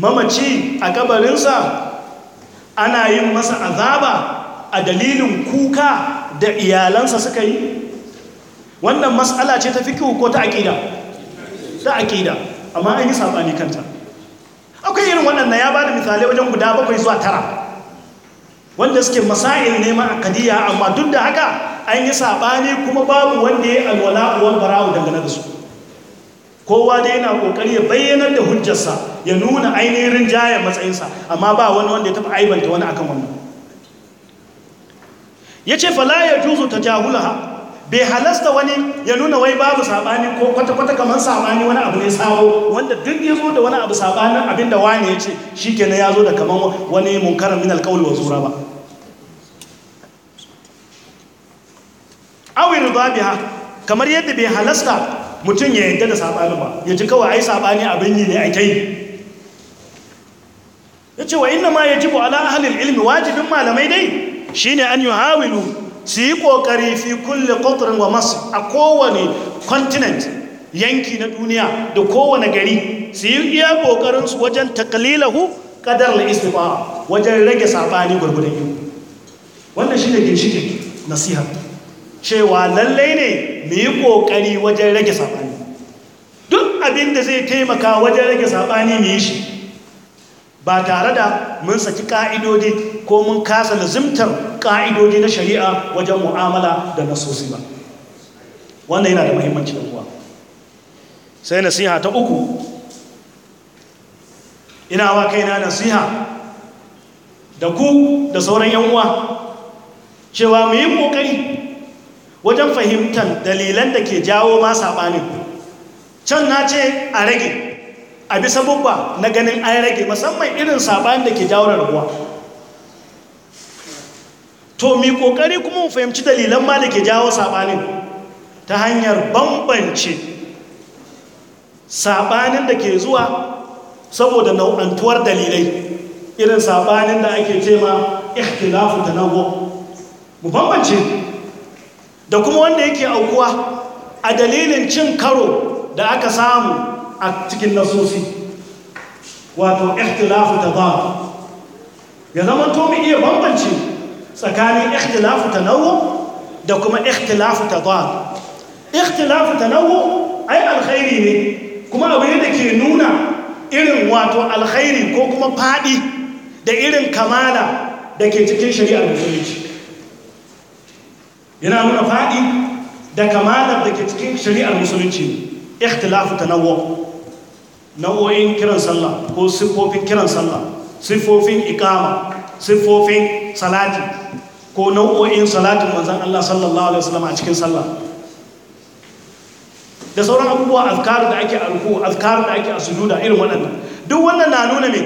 mamaci a kabarinsa ana yin masa azaba a dalilin kuka da iyalansa suka yi wannan mas'ala ce ta fikihu ko ta aqida ta aqida amma an yi sabani kanta akwai irin waɗanda ya bada misalai wajen guda bakwai zuwa tara wanda suke masail ne ma amma duk da haka an yi sabani kuma babu wanda ya alwala wal bara'u dangane da su kowa dai yana kokari ya bayyanar da hujjarsa ya nuna ainihin rinjayen matsayinsa amma ba wani wanda ya taɓa aibanta wani akan wannan ya ce fala ya juzu ta jahulaha bai halasta wani ya nuna wai babu sabani ko kwata-kwata kamar sabani wani abu ne sabo wanda duk ya zo da wani abu sabanin abin da wani ya ce shi kenan ya zo da kamar wani munkarar min alkawul wa zura ba awi riba biha kamar yadda bai halasta mutum ya yadda da sabani ba ya ji kawai ai sabani abin yi ne a kai ya ce wa inna ma ya jibu ala ahalil ilmi wajibin malamai dai shine an yi hawilu su yi ƙoƙari fi kulle ƙoƙarin wa masu a kowane continent yanki na duniya da kowane gari su yi iya ƙoƙarinsu wajen takalilahu ƙadar istifa wajen rage saɓani gwargwadon yi wannan shi ne ginshikin nasiha cewa lallai ne mu yi ƙoƙari wajen rage saɓani duk abin da zai taimaka wajen rage saɓani mu yi shi ba tare da mun saki ƙa'idodi ko mun kasa lazimtar ƙa'idodi na shari'a wajen mu'amala da nasosi ba wannan yana da muhimmanci da kuwa sai nasiha ta uku ina wa kaina nasiha da ku da sauran yan uwa cewa mu yi ƙoƙari wajen fahimtar dalilan da ke jawo ma saɓanin can na ce a rage a bisa bubba na ganin an rage musamman irin saɓanin da ke jawo ruwa to mi ƙoƙari kuma mu fahimci dalilan ma da ke jawo saɓanin ta hanyar bambance sabanin da ke zuwa saboda nau'antuwar dalilai irin saɓanin da ake ce ma da nago mu bambance da kuma wanda yake aukuwa a dalilin cin karo da aka samu a cikin nasosi wato ikhtilafu tadad ya zama to mu iya bambance tsakanin ikhtilafu tanawwu da kuma ikhtilafu tadad ikhtilafu tanawwu ai alkhairi ne kuma abu ne da ke nuna irin wato alkhairi ko kuma fadi da irin kamala da ke cikin shari'ar musulunci yana nuna fadi da kamalar da ke cikin shari'ar musulunci ikhtilafu tanawwu nau'o'in kiran sallah ko siffofin kiran sallah siffofin ikama siffofin salati ko nau'o'in salatin manzan Allah sallallahu alaihi wasallam a cikin sallah da sauran abubuwa azkar da ake alku azkar da ake asujuda irin waɗannan duk wannan na nuna ne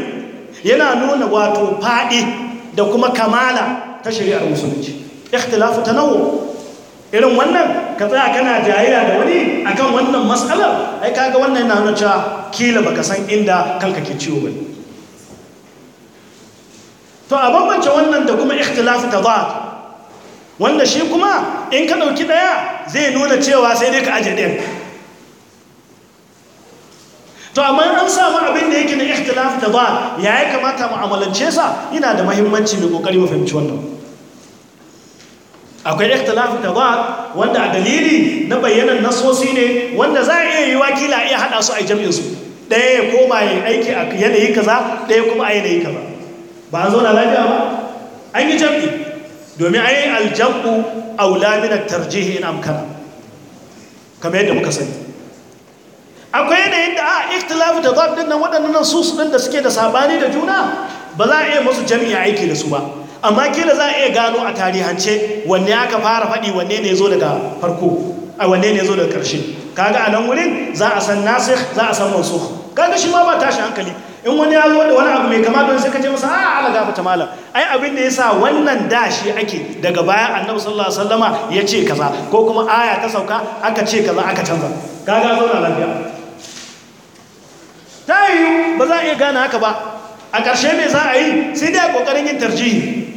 yana nuna wato faɗi da kuma kamala ta shari'ar musulunci ikhtilafu tanawwu irin wannan ka tsaya kana jayayya da wani akan wannan matsalar ai kaga wannan yana nuna cewa kila baka san inda kanka ke ciwo bane to a bambance wannan da kuma ikhtilafu tadad wanda shi kuma in ka dauki daya zai nuna cewa sai dai ka aje din to amma an samu abin da yake na ikhtilafu tadad ya kamata mu amalance sa yana da muhimmanci mu kokari mu fahimci wannan akwai da ba wanda a dalili na bayyanan nasosi ne wanda za a iya yi wakila iya hada su a jami'in su ɗaya ya koma ya aiki a yanayi kaza ɗaya kuma a yanayi kaza ba a zauna lafiya ba an yi jam'i domin a yi aljam'u aula min tarjihi in amkana kamar yadda muka sani akwai yanayin da a ikhtilafu tazar din nan waɗannan su ɗin da suke da sabani da juna ba za a iya musu jami'a aiki da su ba amma kila za a iya gano a tarihance wanne aka fara faɗi wanne ne zo daga farko a wanne ne zo daga ƙarshe kaga a nan wurin za a san nasir za a san mansu kaga shi ma ba tashi hankali in wani ya zo da wani abu mai kama don sai ka ce masa a ala gafata malam ai abin da yasa wannan da shi ake daga baya annabi sallallahu alaihi wasallama ya ce kaza ko kuma aya ta sauka aka ce kaza aka canza kaga zauna lafiya ta ba za a iya gane haka ba a ƙarshe mai za a yi sai dai a ƙoƙarin yin tarjihi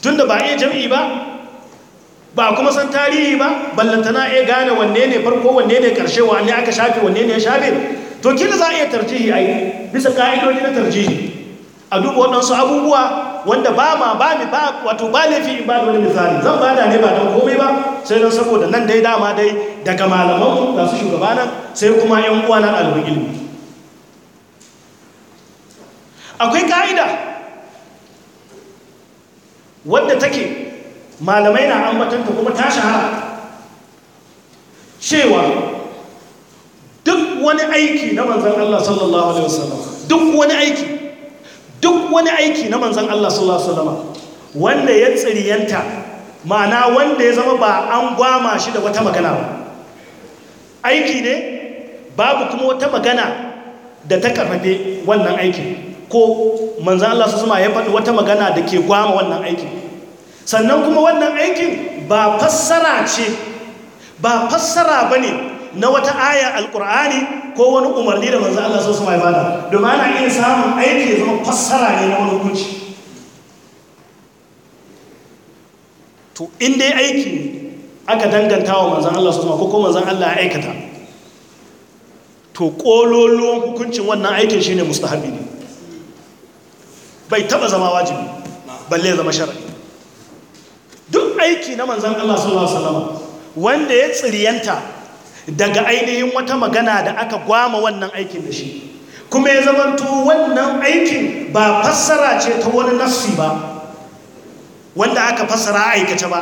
tunda ba iya jam'i ba ba kuma san tarihi ba ballantana iya gane wanne ne farko wanne ne karshe wanne aka shafe wanne ne ya shafe to kila za a iya tarjihi a yi bisa ka'idodi na tarjihi a duba waɗansu abubuwa wanda ba ma ba mi ba wato ba ne in ba da wani misali zan ba da ne ba don komai ba sai don saboda nan dai dama dai daga malaman da su shugaba nan sai kuma yan uwa na ilimi akwai ka'ida wadda take malamai na ambatanta kuma ta shahara cewa duk wani aiki na manzan Allah sallallahu alaihi wasallam duk wani aiki duk wani aiki na manzan Allah sallallahu alaihi wasallam wanda ya tsiriyanta ma'ana wanda ya zama ba an gwama shi da wata magana ba aiki ne babu kuma wata magana da ta karfafe wannan aikin ko manzan Allah su ya faɗi wata magana da ke gwama wannan aikin sannan kuma wannan aikin ba fassara ce ba fassara ba ne na wata aya alkur'ani ko wani umarni da manzan Allah su ya bada domin ana iya samun aiki ya zama fassara ne na wani hukunci to in dai aiki aka danganta wa manzan Allah su ko kuma manzan Allah ya aikata to kololuwan hukuncin wannan aikin shine mustahabi ne bai taba zama wajibi balle zama shari'i duk aiki na manzan Allah sallallahu alaihi wasallam wanda ya tsiriyanta daga ainihin wata magana da aka gwama wannan aikin da shi kuma ya zamanto wannan aikin ba fassara ce ta wani nafsi ba wanda aka fassara aikace ba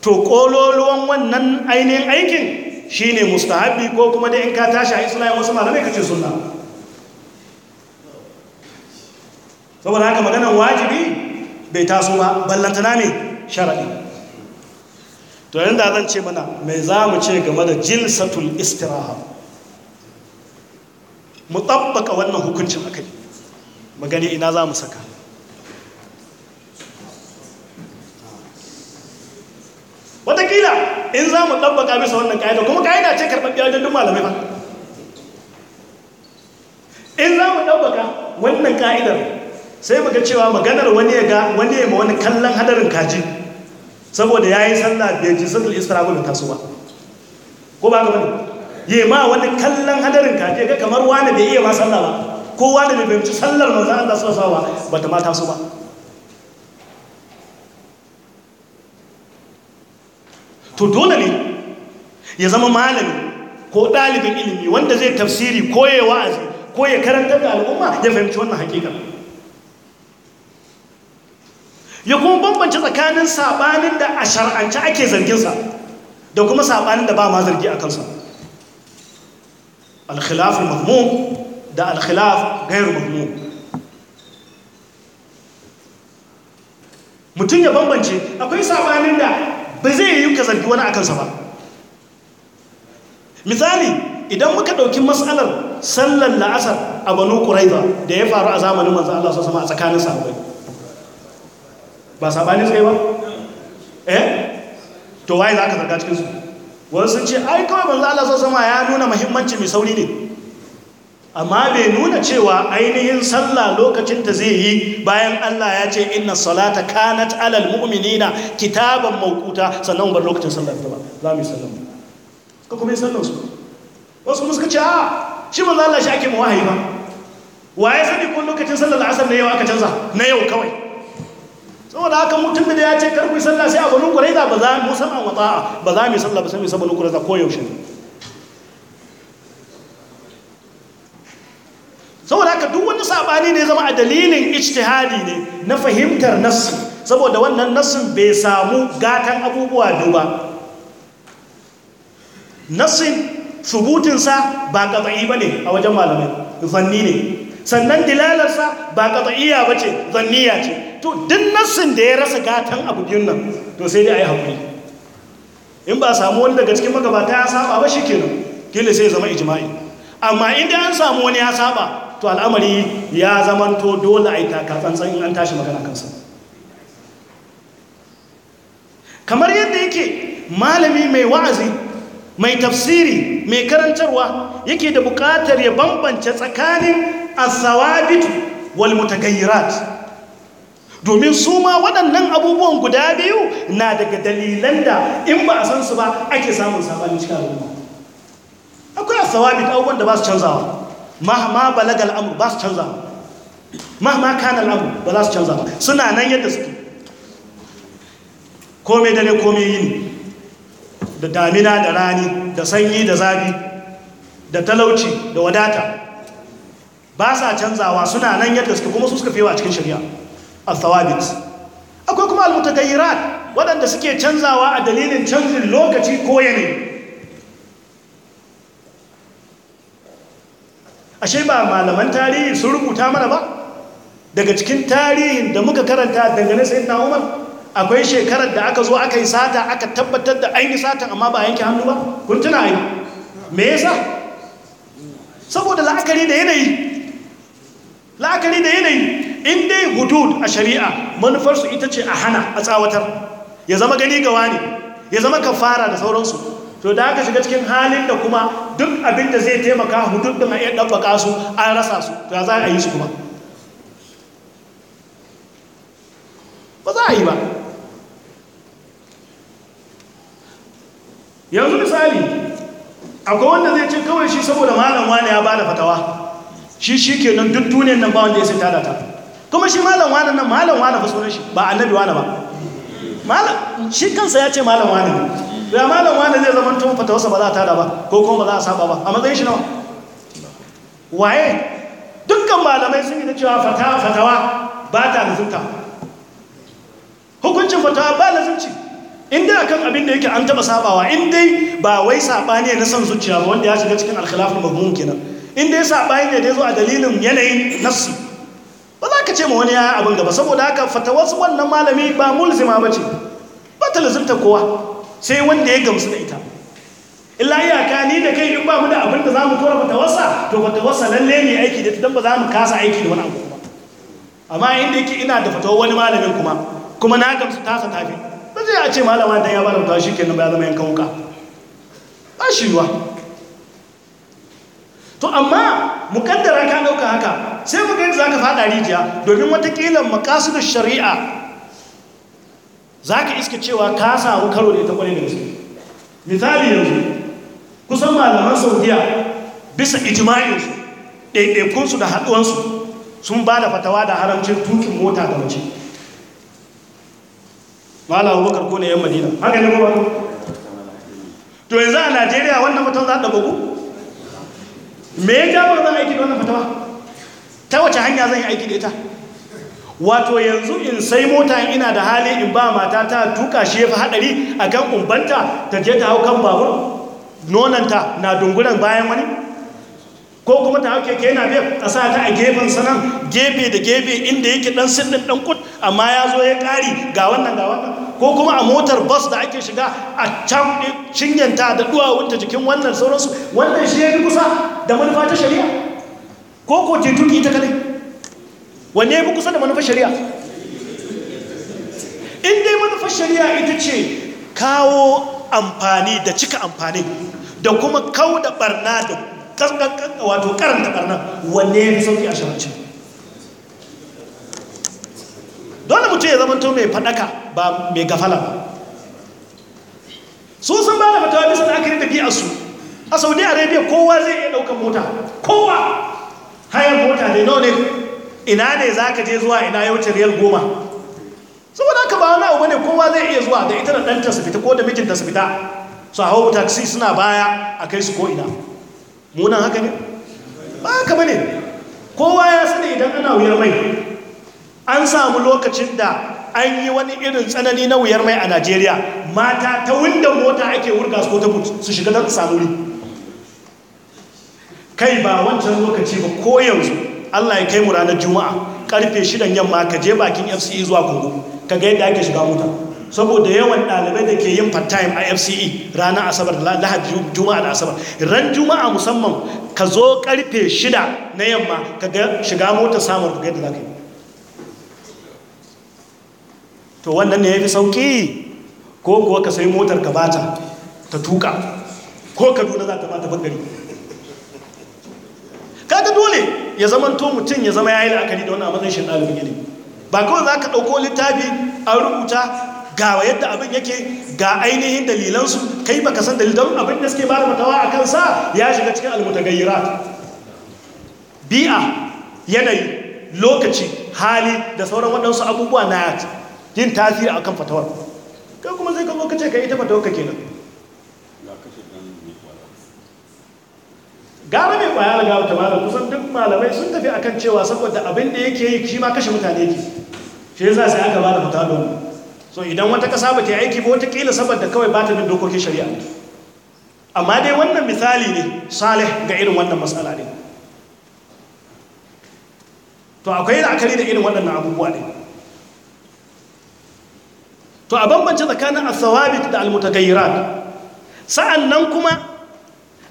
to kololuwan wannan ainihin aikin shine mustahabi ko kuma da in ka tashi a islamin wasu malamai kace sunna saboda haka maganar wajibi bai taso ba ballantana ne sharaɗi to yanzu da zan ce mana mai za mu ce game da satul istiraha mu tsabbaka wannan hukuncin akai magani ina za mu saka watakila in za mu ɗabbaka bisa wannan ka'ida kuma ƙa'ida ce karɓaɓɓiya wajen duk malamai ba in za mu ɗabbaka wannan ka'idar. sai muka cewa maganar wani ya ga wani ya ma wani kallon hadarin kaji saboda ya yi sallah bai ji sallar isra ba ta ba ko ba ga ne ya ma wani kallon hadarin kaji ga kamar wani bai iya ma sallah ba ko wani bai fahimci sallar manzan Allah su ba ba ta ma taso ba to dole ne ya zama malami ko ɗalibin ilimi wanda zai tafsiri koyewa a wa'azi ko ya karanta da al'umma ya fahimci wannan hakika ya kuma bambance tsakanin saɓanin da a shar'ance ake zarginsa da kuma saɓanin da ba ma zargi a kansa alkhilaf da alkhilaf gairu mahmum mutum ya bambance akwai saɓanin da ba zai yi ka zargi wani a kansa ba misali idan muka ɗauki matsalar sallar la'asar a banu ƙuraiza da ya faru a zamanin manzo Allah sosai a tsakanin sahabbai ba sabanin sai ba eh to waye za ka zarga cikinsu wani sun ce ai kawai manzo Allah sun sama ya nuna muhimmanci mai sauri ne amma bai nuna cewa ainihin sallah lokacin ta zai yi bayan Allah ya ce inna salata kanat alal mu'minina kitaban mawquta sannan ban lokacin sallah ta ba za mu yi sallah ka kuma yi sallah su wasu kuma suka ce a shi manzo Allah shi ake mu wahayi ba waye sani ko lokacin sallar asar na yau aka canza na yau kawai saboda haka mutum da ya ce karfi sallah sai a banu da ba za mu sama wa ta'a ba za mu sallah ba sai mu sama banu kuraiza ko yaushe ne saboda haka duk wani sabani ne zama a dalilin ijtihadi ne na fahimtar nassu saboda wannan nassin bai samu gatan abubuwa biyu ba nassin subutinsa ba katsayi ba ne a wajen malamai zanni ne sannan dilalarsa ba katsayiya ba ce zanniya ce to duk nassin da ya rasa gatan abu biyun nan to sai dai a yi haƙuri in ba a samu wani daga cikin magabata ya saba ba shi kenan kila sai zama ijima'i amma inda an samu wani ya saba to al'amari ya zamanto dole a yi takatsantsan in an tashi magana kansa kamar yadda yake malami mai wa'azi mai tafsiri mai karantarwa yake da buƙatar ya bambance tsakanin asawabitu wal mutagayyirat domin su ma waɗannan abubuwan guda biyu na daga dalilan da in ba a san su ba ake samun sabanin cikin al'umma akwai asawabit abubuwan da ba su canzawa mahama balagal amur ba su canzawa mahama Kanal amur ba za su canzawa suna nan yadda suke kome dare kome yini da damina da rani da sanyi da zafi da talauci da wadata ba sa canzawa suna nan yadda suke kuma su suka fiye wa cikin shari'a al-thawabit akwai kuma al-mutaghayyirat waɗanda suke canzawa a dalilin canjin lokaci ko yanayi ashe ba malaman tarihi sun rubuta mana ba daga cikin tarihin da muka karanta dangane sai na umar akwai shekarar da aka zo aka yi sata aka tabbatar da aini satan amma ba yanke hannu ba kun tuna yi me yasa saboda la'akari da yanayi la'akari da yanayi in dai hudud a shari'a manufarsu ita ce a hana a tsawatar ya zama gani gawa ne ya zama kafara da sauransu to da aka shiga cikin halin da kuma duk abin da zai taimaka hudud da iya ɗabbaka su an rasa su to za a yi su kuma ba za a yi ba yanzu misali akwai wanda zai ce kawai shi saboda malamwa ne ya ba da fatawa shi shi ke nan duk duniyar nan ba wanda ya sai tada ta kuma shi malam wane nan malam wane fa sunan shi ba annabi wane ba malam shi kansa ya ce malam wane ne da malam wani zai zama tun fatawarsa ba za a tada ba ko kuma ba za a saba ba a matsayin shi nawa waye dukkan malamai sun yi ta cewa fatawa fatawa ba ta lazimta hukuncin fatawa ba lazimci in dai akan abin da yake an taba sabawa in dai ba wai sabani ne na san zuciya ba wanda ya shiga cikin alkhilafin mahmum kenan in dai sabani ne da yazo a dalilin yanayin nafsi? ba za ka ce ma wani ya abin gaba saboda haka fatawarsu wannan malami ba mulzima ba ce ba ta lazimta kowa sai wanda ya gamsu da ita illa iyaka ni da kai in ba mu da abin da za mu tura fatawarsa to fatawarsa lalle ne aiki da don ba za mu kasa aiki da wani abu amma inda yake ina da fatawar wani malamin kuma kuma na gamsu tasa tafi ba zai a ce malama dan ya ba da fatawa shi kenan ba ya zama yankan wuka ba shi yiwa to amma mukaddara ka dauka haka sai mu ga zaka fada rijiya domin watakila maqasidus shari'a zaka iska cewa ka samu karo da ita kwarai da musu. misali yanzu kusan malaman saudiya bisa ijma'insu ɗaiɗaikunsu da haɗuwansu sun ba da fatawa da haramcin tukin mota da mace malamu bakar ko ne yan madina haka ne ba to yanzu a najeriya wannan mutum za ta bugu me ya jawo zan aiki da wannan fatawa ta wace hanya zan yi aiki da ita wato yanzu in sai mota ina da hali in ba mata ta tuka shi ya fi haɗari a kan umbanta ta je ta hau kan babur nonanta na dunguran bayan wani ko kuma ta hauke ke yana biyar a sa ta a gefen sanan gefe da gefe inda yake dan sirrin dan kut amma ya zo ya ƙari ga wannan ga wannan ko kuma a motar bus da ake shiga a can cinyanta da duwawunta jikin wannan sauransu wannan shi ya fi kusa da manufa ta shari'a ko ko tetuki ta kadai wanne ya fi kusa da manufa shari'a in dai manufa shari'a ita ce kawo amfani da cika amfani da kuma kau da barna da wato karanta barna wanne ya fi sauki a dole mutum ya zama mai fadaka ba mai gafala su sun ba da fatawa bisa da da tafiya su a saudi arabia kowa zai iya daukan mota kowa hayar mota ne no ne ina ne za ka je zuwa ina yau riyal goma saboda aka ba wani abu ne kowa zai iya zuwa da ita da ɗanta su ko da mijinta su fita su hau taxi suna baya a kai su ko ina munan haka ne ba ka bane kowa ya sani idan ana wuyar mai an samu lokacin da an yi wani irin tsanani na wuyar mai a Najeriya mata ta wunda mota ake wurga su ko ta su shiga don samu kai ba wancan lokaci ba ko yanzu Allah ya kai mu ranar juma'a karfe shidan yamma ka je bakin FCE zuwa kogo ka ga yadda ake shiga mota saboda yawan ɗalibai da ke yin part-time a fce ranar asabar lahadi juma'a da asabar ran juma'a musamman ka zo karfe shida na yamma ka ga shiga mota samun rufe da za yi to wannan ne ya fi sauki? ko kuwa ka sai motar ka bata ta tuka ko kaduna za ta bata Ka kaga dole ya zamanto mutum ya zama ya yi la'akari da wani a matsayin shi ɗalibin gini ba kawai za ka ɗauko littafi a rubuta ga yadda abin yake ga ainihin dalilansu kai baka san dalilan abin da suke bada matawa a kansa ya shiga cikin almutagayyirat bi'a yanayi lokaci hali da sauran waɗansu abubuwa na yin tasiri a kan fatawar kai kuma zai kan lokaci ka yi ta fatawar ka ke nan. gara mai kwaya ga wata malam kusan duk malamai sun tafi akan cewa saboda abin da yake yi shi ma kashe mutane ke shi yasa sai aka ba da fata domin so idan wata ƙasa ba ta yi aiki ba watakila saboda kawai ba ta bin dokokin shari'a amma dai wannan misali ne salih ga irin wannan matsala ne to akwai la'akari da irin waɗannan abubuwa ne to a bambance tsakanin asawabit da almutagayyirat sa'an nan kuma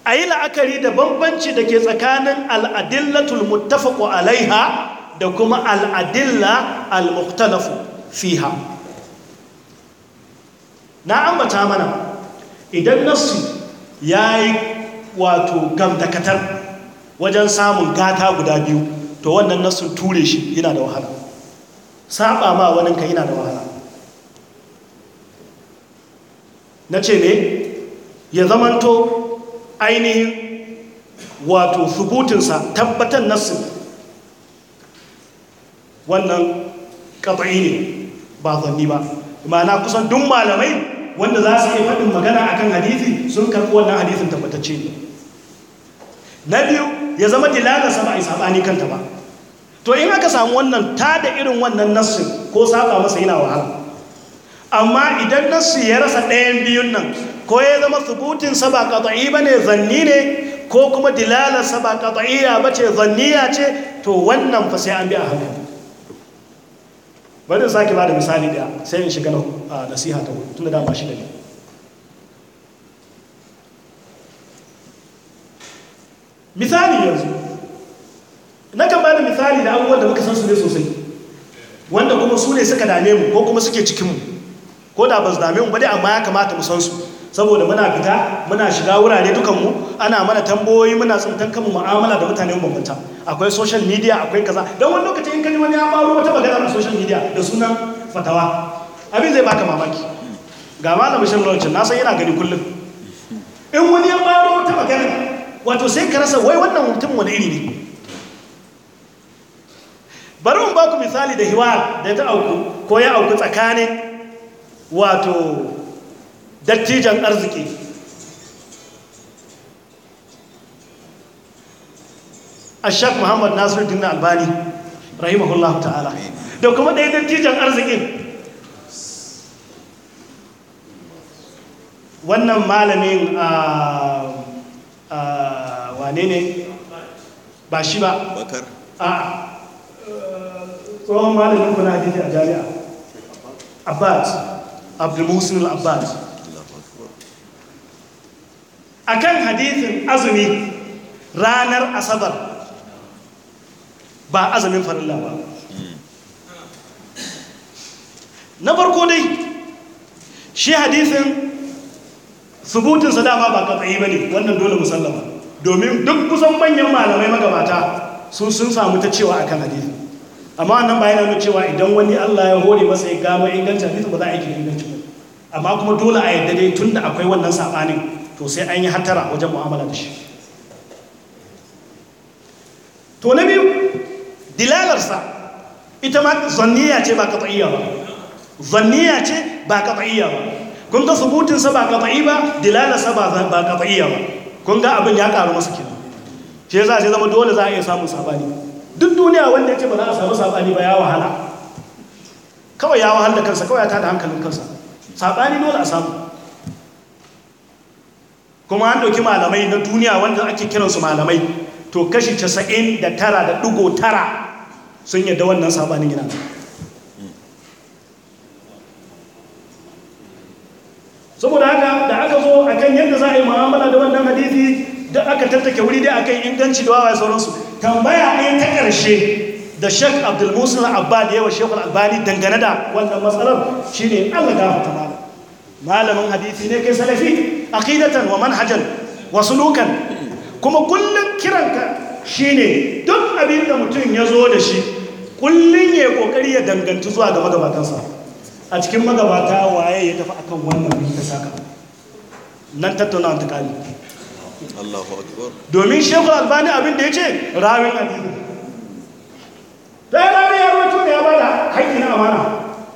a yi la'akari da bambanci da ke tsakanin al'adillatul muttafaku alaiha da kuma al'adilla al-muktalafu fiha na ambata mana idan nassi ya yi wato gamdakatar wajen samun gata guda biyu to wannan nassin ture shi yana da wahala saba ma ka yana da wahala na ce ne ya zamanto ainihin wato subutinsa tabbatar nassin wannan kafa'i ne ba zanni ba na kusan dun malamai wanda za su iya faɗin magana akan hadithi sun karɓi wannan hadithin tabbatacce ne na biyu ya zama dilalarsa ba a yi saɓani kanta ba to in aka samu wannan ta da irin wannan nassin ko saɓa masa yana wahala amma idan nassi ya rasa ɗayan biyun nan ko ya zama subutin ba ƙatsa'i ba ne zanni ne ko kuma dilalar ba ƙatsa'iya ba ce zanniya ce to wannan fa sai an bi a hankali bari sake ba da misali daya sai in shiga nasiha ta hudu tun da dama shi da ne misali yanzu na kan ba da misali da abubuwan da muka san su ne sosai wanda kuma su ne suka dame mu ko kuma suke cikin mu, ko da ba su dame mu ba dai amma ya kamata mu san su saboda muna fita muna shiga wurare dukanmu ana mana tambayoyi muna tsuntan kan mu'amala da mutane bambanta akwai social media akwai kaza don wani lokaci in kani wani ya faro wata magana a social media da sunan fatawa abin zai baka mamaki ga malamin shan lokacin na san yana gani kullum in wani ya faro wata magana wato sai ka rasa wai wannan mutum wani iri ne bari mu ba ku misali da hiwar da ta auku ko ya auku tsakanin wato dattijan arziki ashaq muhammad nasiruddin albani rahimahullahu ta'ala da kuma ɗaya dattijan arziki wannan malamin a wane ne ba shi ba bakar a tsohon malamin kuna a jami'a abbas abdulmusin al-abbas akan hadithin azumi ranar asabar ba azumin farilla ba na farko dai shi hadithin subutinsa sadama ba katsayi ba ne wannan dole musallama domin duk kusan manyan malamai magabata sun sun samu ta cewa akan hadithin amma wannan ba yana cewa idan wani allah ya hore masa ya gama ingancin hadithin ba za a yi ingancin amma kuma dole a yadda dai tunda akwai wannan saɓanin to sai an yi hatara wajen mu'amala da shi to na biyu dilalarsa ita ma zanniya ce ba kafa'iya ba zanniya ce ba kafa'iya ba kun ga subutinsa ba kafa'i ba dilalarsa ba kafa'iya ba kun ga abin ya karu masa kenan shi yasa sai zama dole za a iya samun sabani duk duniya wanda ya ce ba za a samu sabani ba ya wahala kawai ya wahala kansa kawai ya tada hankalin kansa sabani dole a samu kuma an ɗauki malamai na duniya wanda ake kiransu malamai to kashi casa'in da sun yadda wannan sabanin gina saboda haka da aka zo a kan yadda za a yi mu'amala da wannan hadithi da aka tattake wuri dai akan inganci da wawaye sauransu tambaya ne ta karshe da shek abdulmusul abbad yawa shekul albani dangane da wannan matsalar shine allah gafata malam malamin hadisi ne kai salafi aqidatan wa manhajan wa sulukan kuma kullun kiranka shine duk abin da mutum ya zo da shi kullun ya kokari ya danganci zuwa ga magabatansa a cikin magabata waye ya tafi akan wannan abin da saka nan tattauna ta kali Allahu akbar domin Sheikh Albani abin da yace rawin hadisi dai rawin ya rubuta ne ya bada haƙƙin amana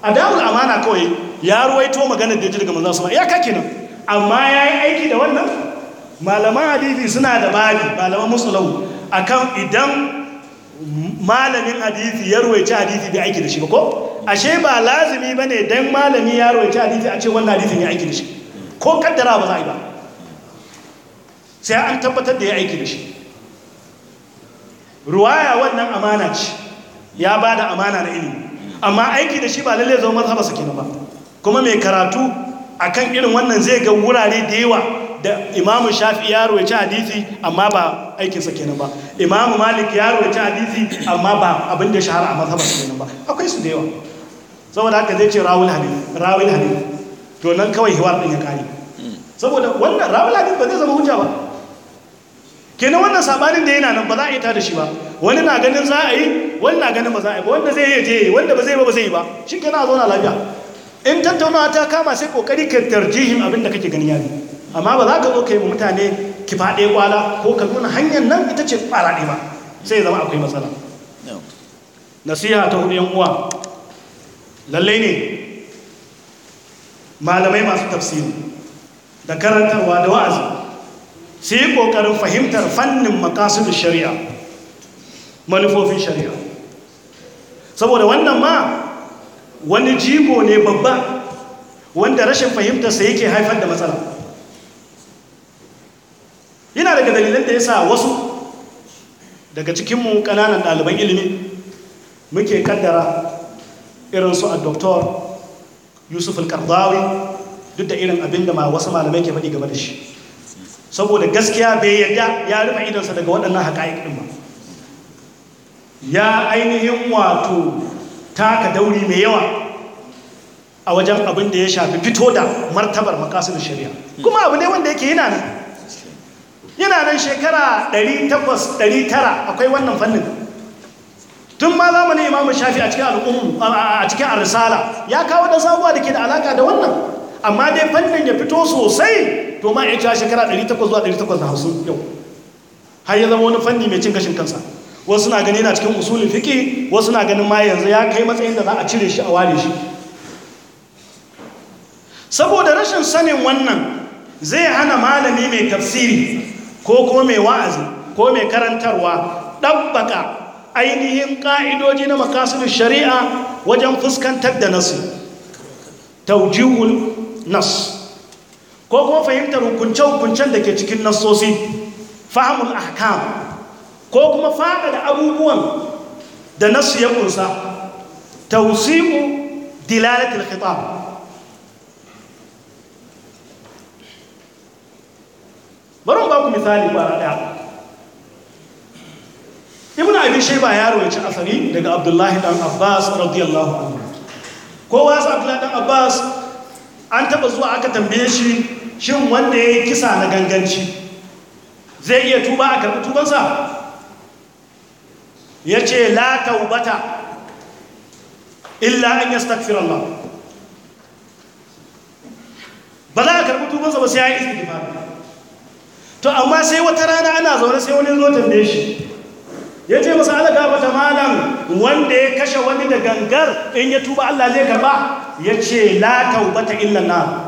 adabul amana kawai ya ruwaito magana da jirgin daga su sama ya kake nan amma ya yi aiki da wannan malaman hadithi suna da babi malaman a kan idan malamin hadithi ya ruwaice hadithi bai aiki da shi ba ko ashe ba lazimi ba ne don malami ya ruwaice hadithi a ce wannan hadithi ya aiki da shi ko kaddara ba za a yi ba sai an tabbatar da ya aiki da shi ruwaya wannan amana ce ya ba da amana na ilimi amma aiki da shi ba lalle zama mazhaba su kenan ba kuma mai karatu akan irin wannan zai ga wurare da yawa da imamu shafi ya roci hadisi amma ba aikinsa kenan ba imamu malik ya roci hadisi amma ba abin da shahara a mazhaba su kenan ba akwai su da yawa saboda haka zai ce rawul hadisi rawul hadisi to nan kawai hiwar din ya kare hmm. saboda wannan rawul hadisi ba zai zama hujja ba kenan wannan sabanin da yana nan ba za a yi ta da shi ba wani na ganin za a yi wani na ganin ba za a yi ba wanda zai yi je wanda ba zai ba ba zai yi ba shi na a zauna lafiya in tattaunawa ta kama sai kokari ka tarjihin abin da kake ganin yayi amma ba za ka zo ka yi mutane ki faɗe kwala ko ka nuna hanyar nan ita ce ne ba sai zama akwai matsala nasiha ta hudu yan uwa lallai ne malamai masu tafsiri da karantarwa da wa'azi su yi ƙoƙarin fahimtar fannin makasudin shari'a manufofin shari'a saboda wannan ma wani jigo ne babba wanda rashin fahimtarsa yake haifar da matsala yana daga dalilan da ya sa wasu daga cikinmu ƙananan ɗaliban ilimi muke kaddara irinsu a doktor yusuf al duk da irin abin da wasu malamai ke faɗi game da shi saboda gaskiya bai yadda ya rufe idonsa daga waɗannan haƙa'iƙ ɗin ba ya ainihin wato taka dauri mai yawa a wajen abin da ya shafi fito da martabar makasar shari'a kuma abu ne wanda yake yana nan yana nan shekara 800-900 akwai wannan fannin tun ma za mu ne imamu shafi a cikin al'ummu a cikin arsala ya kawo da sabuwa da ke da alaka da wannan amma dai fannin ya fito sosai to ma iya cewa shekara 800 zuwa 850 yau har ya zama wani fanni mai cin gashin kansa wasu na gani na cikin usulin fiki. wasu na ganin ma yanzu ya kai matsayin da za a cire shi a ware shi saboda rashin sanin wannan zai hana malami mai tafsiri ko ko mai wa'azi ko mai karantarwa ɗabbaka ainihin ƙa'idoji na makasudin shari'a wajen fuskantar da nasu taujihul nas ko kuma fahimtar hukunce-hukuncen da ke cikin nassosi fahimul ahkam ko kuma fada da abubuwan da nasu ya kunsa tausiku dilalatul khitab bari ba ku misali ba daya ibnu abi shayba ya rawaita asari daga abdullahi dan abbas radiyallahu anhu kowa su abdullahi dan abbas an taba zuwa aka tambaye shi shin wanda ya yi kisa na ganganci zai iya tuba a karbi tubansa ya ce la taubata illa an yastakfir Allah ba za a karbi tubansa ba sai ya yi istighfar to amma sai wata rana ana zaune sai wani zo tambaye shi ya ce masa ala gafata malam wanda ya kashe wani da gangar in ya tuba Allah zai karba ya ce la taubata illa na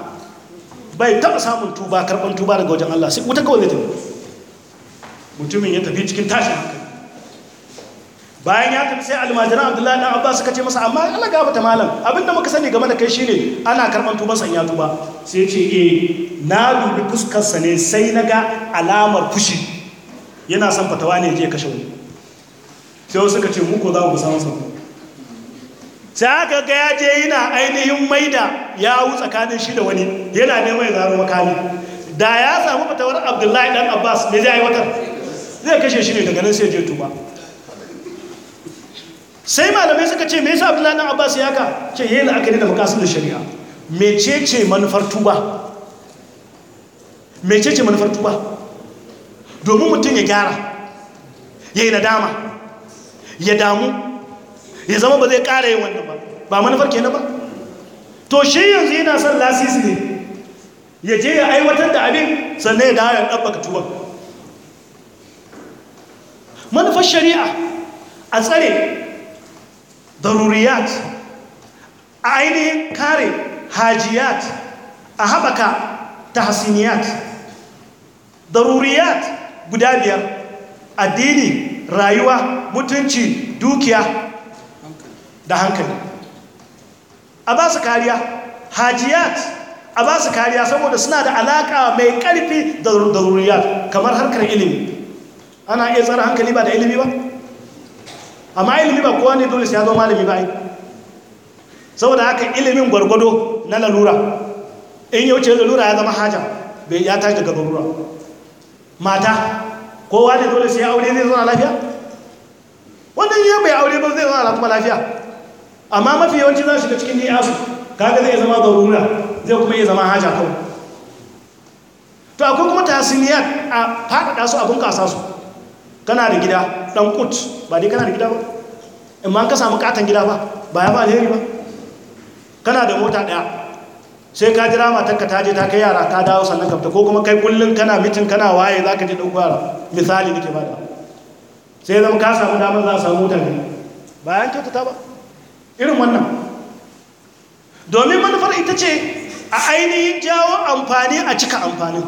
bai taɓa samun tuba karɓar tuba daga wajen Allah sai wuta kawai zai mutumin ya tafi cikin tashin bayan ya tafi sai almajiran abdullahi dan abba suka ce masa amma ana gaba ta malam abinda muka sani game da kai shine ana karɓar tuban sanya ya tuba sai ce eh na dubi fuskar sa ne sai naga alamar fushi yana son fatawa ne je kashe wani sai wasu suka ce muku ko za mu samu sabu za ka ga ya je yana ainihin maida ya hu tsakanin shi da wani yana neman ya zaro makami da ya samu fatawar abdullahi dan abbas me zai aiwatar zai kashe shi ne daga nan sai je tuba sai malamai suka ce me yasa abdullahi dan abbas ya ka ce yana aka da makasin shari'a mecece manufar tuba mecece manufar tuba domin mutum ya gyara ya yi nadama ya damu ya zama ba zai ƙara yin wannan ba ba manufar kenan ba to shi yanzu yana son lasisi ne ya je ya aiwatar da abin sannan ya dawo ya ɗabbaka tuwon manufar shari'a a tsare daruriyat a ainihin kare hajiyat a haɓaka tahsiniyat daruriyat guda biyar addini rayuwa mutunci dukiya da hankali a ba su kariya hajiyat a ba su kariya saboda suna da alaƙa mai ƙarfi da zuriyar kamar harkar ilimi ana iya tsara hankali ba da ilimi ba amma ilimi ba kowa ne dole sai ya zo malami ba saboda haka ilimin gwargwado na lalura in ya wuce lalura ya zama haja bai ya tashi daga lalura mata kowa ne dole sai aure zai na lafiya wannan ya bai aure ba zai zo na lafiya amma mafi yawanci za shiga cikin niyasu kaga zai zama zarura zai kuma iya zama haja kawai to akwai kuma tasiniyar a faɗaɗa su abin kasa su kana da gida ɗan kut ba dai kana da gida ba in ma ka samu katon gida ba ba ya ba alheri ba kana da mota ɗaya sai ka jira matar ta je ta kai yara ta dawo sannan fita ko kuma kai kullum kana mitin kana waye za ka je ɗauko yara misali nake ba da sai zama ka samu damar za a samu ne bayan ta ba irin wannan domin manufar ita ce a ainihin jawo amfani a cika amfanin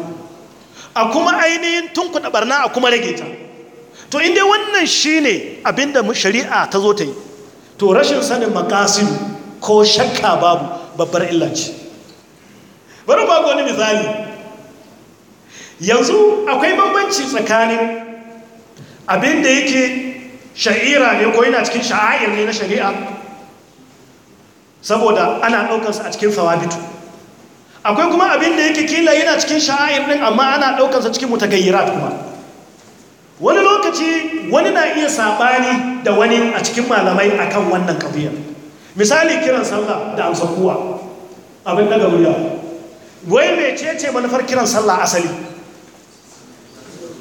a kuma ainihin tunkuɗa barna a kuma rage ta to inda wannan shine abinda shari'a ta zo ta yi to rashin sanin makasin ko shakka babu babbar illaci bari ba wani misali yanzu akwai bambanci tsakanin abinda yake sha'ira ne ko yana cikin sha'air ne na shari'a saboda ana ɗaukansa a cikin sawabitu akwai kuma abin da yake kila yana cikin sha'air ɗin amma ana ɗaukansa cikin mutagayyirat kuma wani lokaci wani na iya saɓani da wani a cikin malamai akan wannan kafiya misali kiran sallah da amsa kuwa abin daga wuya wai mai ce manufar kiran sallah asali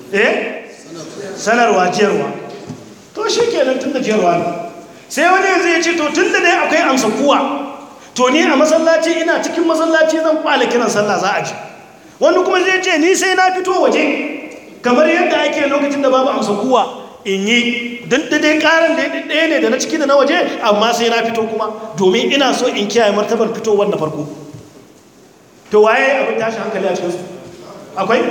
eh sanarwa jiyarwa to shi nan tun da jiyarwa ne sai wani yanzu ya ce to tun da dai akwai amsa kuwa to ni a masallaci ina cikin masallaci zan kwale kiran sallah za a ji wani kuma zai ce ni sai na fito waje kamar yadda ake lokacin da babu amsa kuwa in yi don dai karin da ɗaya ne da na ciki da na waje amma sai na fito kuma domin ina so in kiyaye martabar fito na farko to waye abin tashi hankali a cikinsu akwai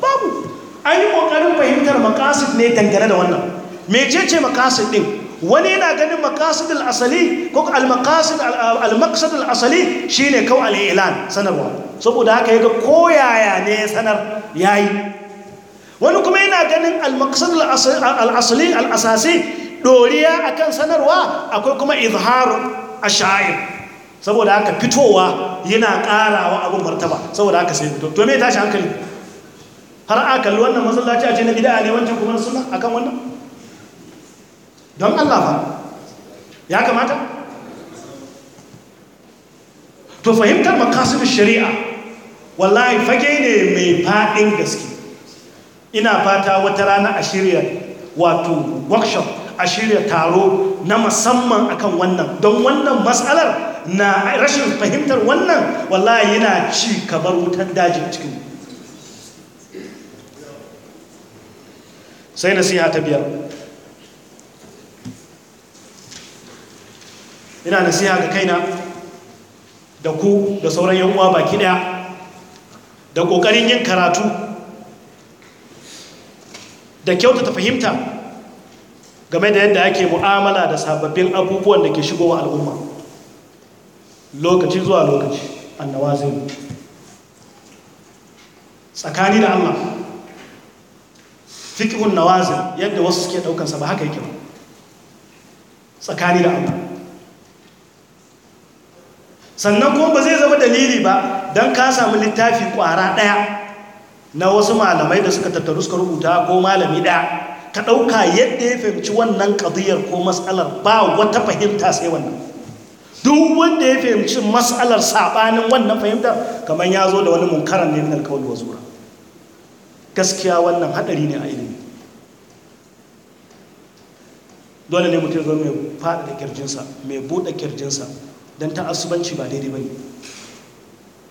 babu an yi ƙoƙarin fahimtar makasid ne dangane da wannan mecece makasid ɗin wani yana ganin maqasid al-asali ko al-maqasid al-maqsad al shi ne kawai al sanarwa saboda haka ga koyaya ne sanar ya yi, wani kuma yana ganin al-maqsad al-asali al-asasi doriya akan sanarwa akwai kuma izharu a shair saboda haka fitowa yana karawa abin martaba saboda haka sai to me tashi hankali har a kalli wannan masallaci a ce na bid'a ne wancan kuma sunna akan wannan don Allah ba ya kamata to fahimtar makasudin shari'a wallahi fage ne mai faɗin gaske ina fata wata rana a shirya wato workshop a shirya taro na musamman akan wannan don wannan matsalar na rashin fahimtar wannan wallahi yana ci kamar wutan dajin cikin sai nasiha ta biyar ina nasiha ga kaina da ku da sauran yan uwa baki daya da kokarin yin karatu da kyautata fahimta game da yadda ake mu'amala da sababbin abubuwan da ke shigowa al'umma lokaci zuwa lokaci annawa zai tsakani da allah fikihun nawazin yadda wasu suke daukansa ba haka yake ba tsakani da allah sannan kuma ba zai zama dalili ba don ka samu littafi kwara ɗaya na wasu malamai da suka tattaru suka rubuta ko malami ɗaya ka ɗauka yadda ya fahimci wannan ƙadiyar ko matsalar ba wata fahimta sai wannan duk wanda ya fahimci matsalar saɓanin wannan fahimta kamar ya zo da wani munkaran ne na kawai wa zura gaskiya wannan haɗari ne a ilimi dole ne mutum zo mai kirjinsa mai buɗe kirjinsa don ta'asubanci ba daidai ba ne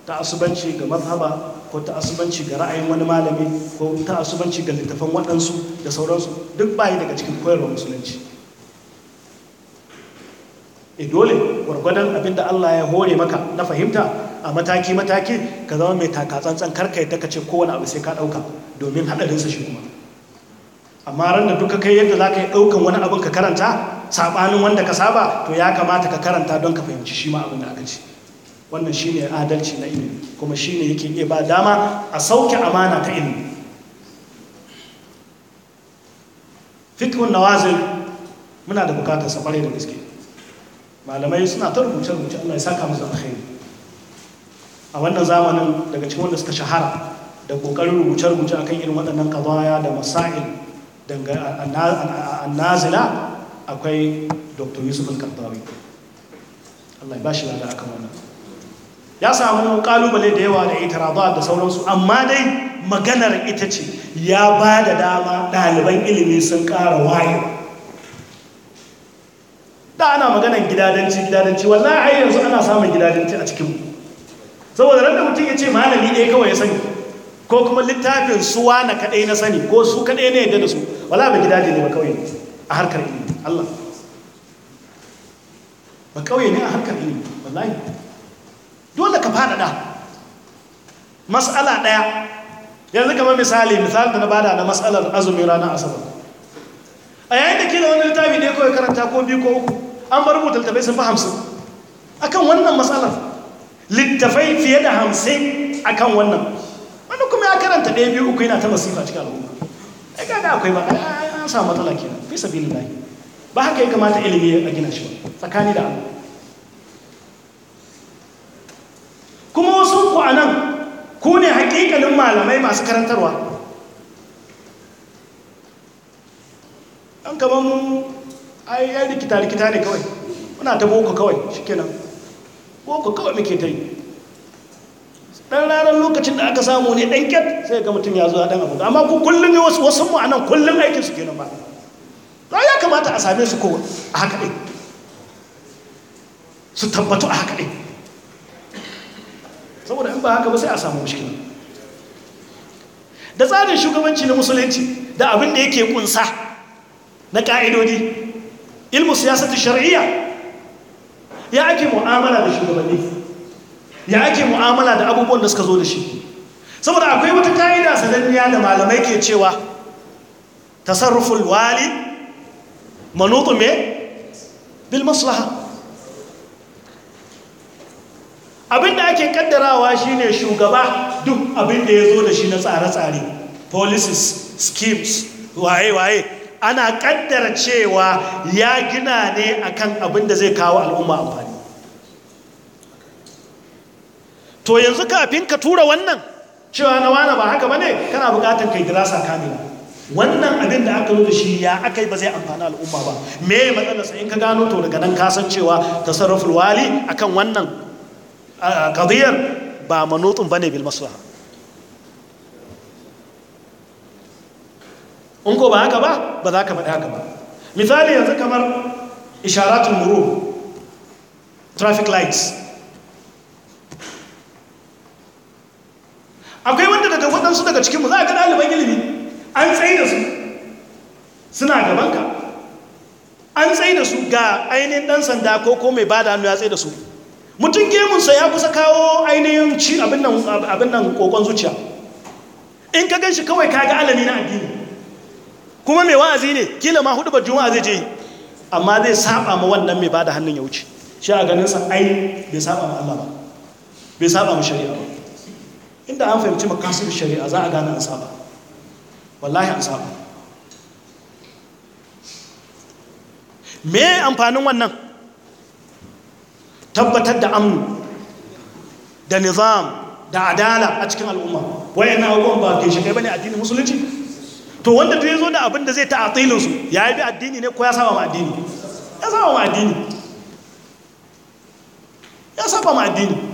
ta'asubanci ga mazhaba ko ta'asubanci ga ra'ayin wani malami ko ta'asubanci ga littafan waɗansu da sauransu duk bayi daga cikin koyarwa musulunci e dole gwargwadon abin da Allah ya hore maka na fahimta a mataki-mataki ka zama mai takatsantsan karka yadda ka ce kowane abu sai ka ɗauka domin haɗarinsa shi kuma amma ran da duka kai yadda za ka yi ɗaukan wani abin ka karanta Saɓanin wanda ka saba to ya kamata ka karanta don ka fahimci shi ma abin da aka ce wannan shine adalci na ilimi kuma shine yake iya ba dama a sauke amana ta ilimi fikhun nawazil muna da bukatar sa da gaske malamai suna ta rubuce rubuce Allah ya saka musu alkhairi a wannan zamanin daga cikin wanda suka shahara da kokarin rubuce rubuce akan irin waɗannan qadaya da masail dangane annazila akwai dr yusuf al-kardawi allai ya ba shi lada aka wannan ya samu kalubale da yawa da ita, raba da sauransu amma dai maganar ita ce ya ba da dama ɗaliban ilimi sun ƙara wayo da ana maganar gidadanci gidadanci a yi yanzu ana samun gidadanci a cikin saboda ran da mutum ya ce malami ɗaya kawai ya sani ko kuma littafin suwa na kaɗai na sani ko su kaɗai na yadda da su wala ba gidaje ne ba kawai a harkar ilimi Allah ba kauye ne a harkar ilimi wallahi dole ka faɗaɗa mas'ala ɗaya yanzu kamar misali misali da na bada na mas'alar azumin ranar asabar a yayin da ke da wani littafi ne kawai karanta ko biyu ko uku an bar rubuta littafai sun fi hamsin akan wannan matsalar littafai fiye da hamsin akan wannan wani kuma ya karanta ɗaya biyu uku yana ta masifa cikin al'umma ai kaga akwai ba an samu matsala kenan fi sabilillahi ba haka ya kamata ilimi a gina shi ba tsakani da abu kuma wasu ku a nan ku ne hakikalin malamai masu karantarwa an kaman ai ya kita rikita ne kawai muna ta boko kawai shikenan boko kawai muke ta yi dan ranar lokacin da aka samu ne dan ket sai ga mutum ya zo a dan abu amma ku kullum ne wasu wasu mu anan kullum aikin ke nan ba to ya kamata a same su kowa a haka din su tabbatu a haka din saboda in ba haka ba sai a samu mushkila da tsarin shugabanci na musulunci da abin da yake kunsa na ka'idodi ilmu siyasatu shari'a ya ake mu'amala da shugabanni ya ake mu'amala da abubuwan da suka zo da shi saboda akwai wata ka'ida sananniya da malamai ke cewa tasarruful wali manutu me bil maslaha abinda ake kaddarawa shine shugaba duk abinda ya zo da shi na tsare-tsare policies schemes waye-waye ana kaddara cewa ya gina ne akan abinda zai kawo al'umma amfani to yanzu kafin ka tura wannan cewa na wane ba haka ne? kana bukatar kai dirasa kamila wannan abin da aka zo da shi ya aka yi ba zai amfani al'umma ba me matsalarsa in ka gano to daga nan ka san cewa tasarruful wali akan wannan qadiyar ba ba ne bil maslaha in ko ba haka ba ba za ka faɗi haka ba misali yanzu kamar isharatul muru traffic lights akwai wanda daga waɗansu daga cikinmu za a ga ɗaliban ilimi an tsaye da su suna gabanka an tsaye da su ga ainihin ɗan sanda ko ko mai ba da hannu ya tsaye da su mutum gemunsa ya kusa kawo ainihin ci abin nan kokon zuciya in ka gan shi kawai ka ga alami na addini kuma mai wa'azi ne kila ma hudu juma'a zai je amma zai saba ma wannan mai ba da hannun ya wuce shi a ganinsa ai bai saba ma Allah ba bai saba ma shari'a ba inda an fahimci makasar shari'a za a gane an saba wallahi an saba me amfanin wannan tabbatar da amnu da nizam da adala a cikin al'umma na abubuwan ba ke shiga bane addinin musulunci to wanda duk zo da abin da zai ta atilin ya yi bi addini ne ko ya saba ma addini ya saba ma addini ya saba ma addini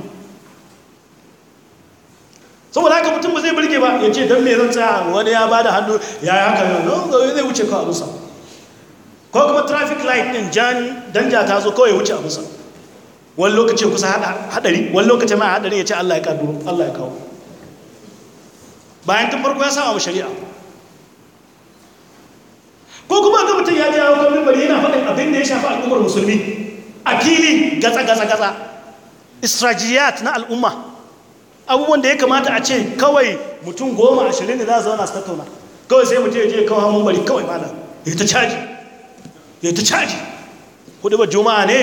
saboda haka mutum ba zai birge ba ya ce don me zan tsaya wani ya ba da hannu ya yi haka yau zai wuce kawai abusa ko kuma traffic light din danja ta zo kawai wuce abusa wani lokaci kusa hadari wani lokaci ma hadari ya ce Allah ya kawo Allah ya kawo bayan tun farko ya saba shari'a ko kuma ga mutum ya ji yawon kan bari yana faɗin abin da ya shafi al'ummar musulmi a fili gatsa gatsa gatsa istrajiyat na al'umma abubuwan da ya kamata a ce kawai mutum goma ashirin da za a zauna su tattauna kawai sai mutum ya je kawai hannun bari kawai mana ya ta caji ya ta caji kudu ba juma'a ne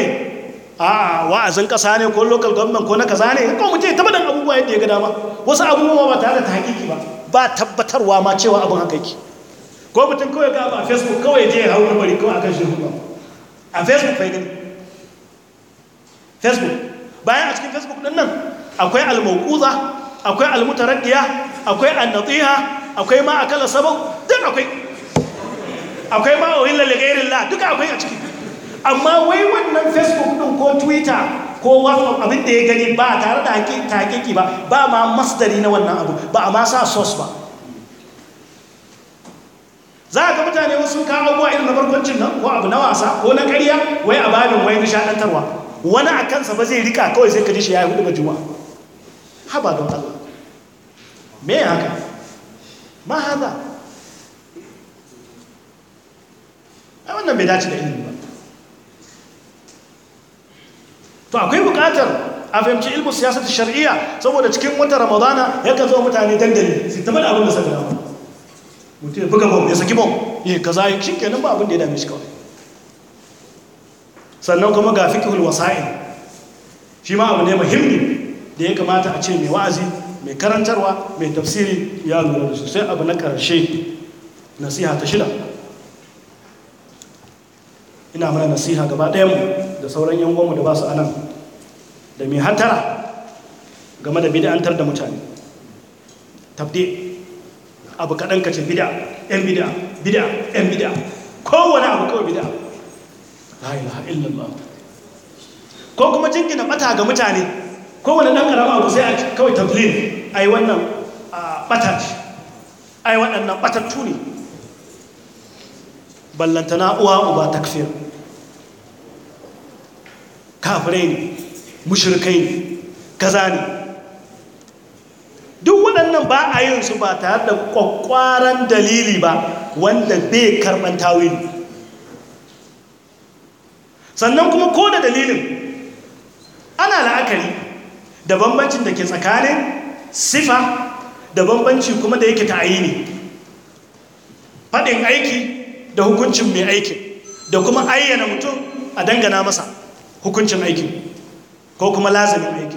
a wa'azin kasa ne ko local government ko na kaza ne kawai mutum ya taba dan abubuwa yadda ya ga dama wasu abubuwa ba tare da hakiki ba ba tabbatarwa ma cewa abin haka yake ko mutum kawai ga a facebook kawai je ya hau bari kawai akan shehu ba a facebook fa gani facebook bayan a cikin facebook din nan akwai almauquza akwai almutaraddiya akwai annatiha akwai ma akala sabau duk akwai akwai ma ohilla li ghairillah duk akwai a ciki amma wai wannan facebook din ko twitter ko whatsapp abin da ya gani ba tare da hakiki ba ba ma masdari na wannan abu ba a ma sa source ba za ka mutane wasu kawo abuwa irin na barkwancin nan ko abu na wasa ko na karya wai a babin wai nishadantarwa wani a kansa ba zai rika kawai sai ka ji shi ya yi hudu ba juma'a haba don Allah me haka ma haza a wannan bai dace da ilimi ba to akwai bukatar a fahimci ilmin siyasar shari'a saboda cikin wata ramadana ya ka zo mutane dandali su tabbata abin da sa gina mutum ya buga bom ya saki bom ya kaza ya shi kenan ba abin da ya dame shi kawai sannan kuma ga fikihul wasa'in shi ma abu ne muhimmi da ya kamata a ce mai wa'azi mai karantarwa mai tafsiri ya lura da su sai abu na ƙarshe nasiha ta shida ina mana nasiha gaba ɗayanmu da sauran yan da ba su anan da mai hantara game da bid'antar da mutane tabdi abu kaɗan ka ce bid'a yan bid'a bid'a yan bid'a kowane abu kawai bid'a la ilaha illallah ko kuma jingina bata ga mutane kowane ɗan ƙarama abu sai a kawai tablin a yi wannan ɓata ce a yi waɗannan ɓatattu ne ballantana uwa uba takfir kafirai ne mushrikai ne kaza ne duk waɗannan ba a yin su ba tare da ƙwaƙwaran dalili ba wanda bai karɓar tawil sannan kuma ko da dalilin ana la'akari da bambancin da ke tsakanin sifa da bambanci kuma da yake ne. faɗin aiki da hukuncin mai aiki da kuma ayyana mutum a dangana masa hukuncin aiki ko kuma lazimin aiki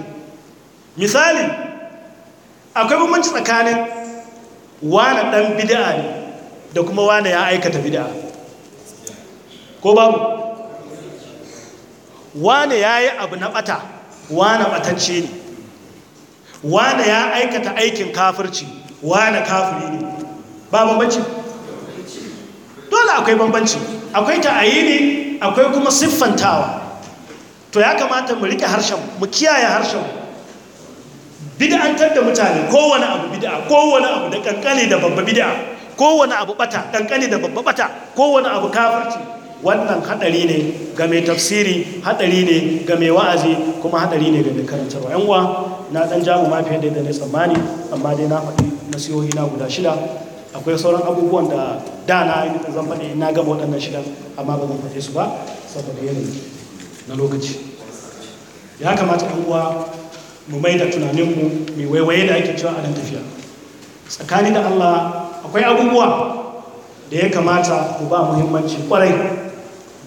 misali akwai bambanci tsakanin wane ɗan bida'a ne da kuma wane ya aikata bida'a ko babu wane ya yi abu na ɓata wane ɓatacce ne wane ya aikata aikin kafirci wane kafiri ne ba bambanci dole akwai bambanci akwai ne akwai kuma siffantawa to ya kamata mu rike harshen mu kiyaye harshen bid'antar da mutane kowane abu bid'a kowane abu da kankane da babba bid'a kowane abu bata kankane da babba bata kowane abu kafirci wannan hadari ne ga mai tafsiri hadari ne ga mai wa'azi kuma hadari ne ga mai karantarwa yan uwa na dan jamu ma fiye da yadda na tsammani amma dai na faɗi nasihohi na guda shida akwai sauran abubuwan da da na ainihin zan faɗi na gama waɗannan shidan amma ba zan faɗe su ba saboda yanayi na lokaci ya kamata ɗan uwa mu mai da tunaninmu mai waiwaye da ake cewa a nan tafiya tsakani da allah akwai abubuwa da ya kamata mu ba muhimmanci kwarai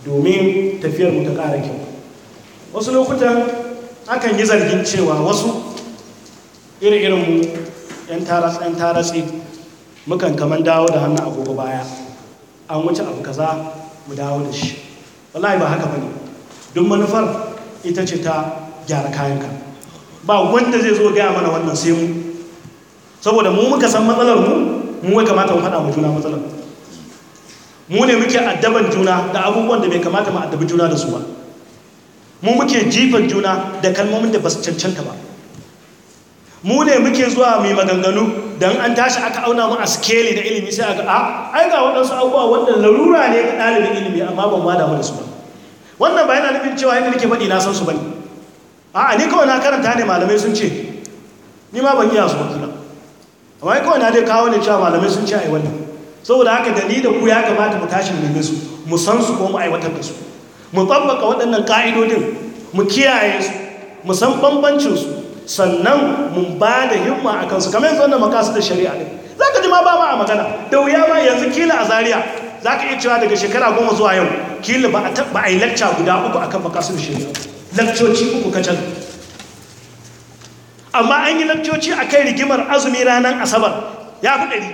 domin tafiyar mu ta ƙara kyau wasu lokutan akan yi zargin cewa wasu irin mu 'yan taratsi mukan kaman dawo da hannun agogo baya an wuce abu kaza mu dawo da shi wallahi ba haka bane duk manufar ita ce ta gyara kayanka ba wanda zai zo gaya mana wannan sai mu saboda mu muka san matsalar mu mu wai kamata mu faɗa mu juna matsalar mu ne muke addaban juna da abubuwan da bai kamata mu addabi juna da su ba mu muke jifan juna da kalmomin da ba su cancanta ba mu ne muke zuwa mai maganganu don an tashi aka auna mu a skele da ilimi sai aka a ah, ai ga waɗansu abubuwa wanda larura ne ga ɗalibin ilimi amma ban ma damu da su ba wannan ba yana nufin cewa yadda nake faɗi na san su a a'a ni kawai na karanta ne malamai sun ce ni ma ban iya su ba kila amma kawai na dai kawo ne cewa malamai sun ce a yi wannan saboda haka da ni da ku ya kamata mu tashi mu su mu san su ko mu aiwatar da su mu tsabbaka waɗannan ka'idodin mu kiyaye su mu san bambancin su sannan mun ba da himma a kansu kamar yanzu wanda makasu da shari'a ne za ka ji ma ba ma a magana da wuya ma yanzu kila a Zariya za ka iya cewa daga shekara goma zuwa yau kila ba a yi lacca guda uku akan makasu da shari'a lakcoci uku kacal amma an yi lakcoci a kai rigimar azumi ranar asabar ya fi ɗari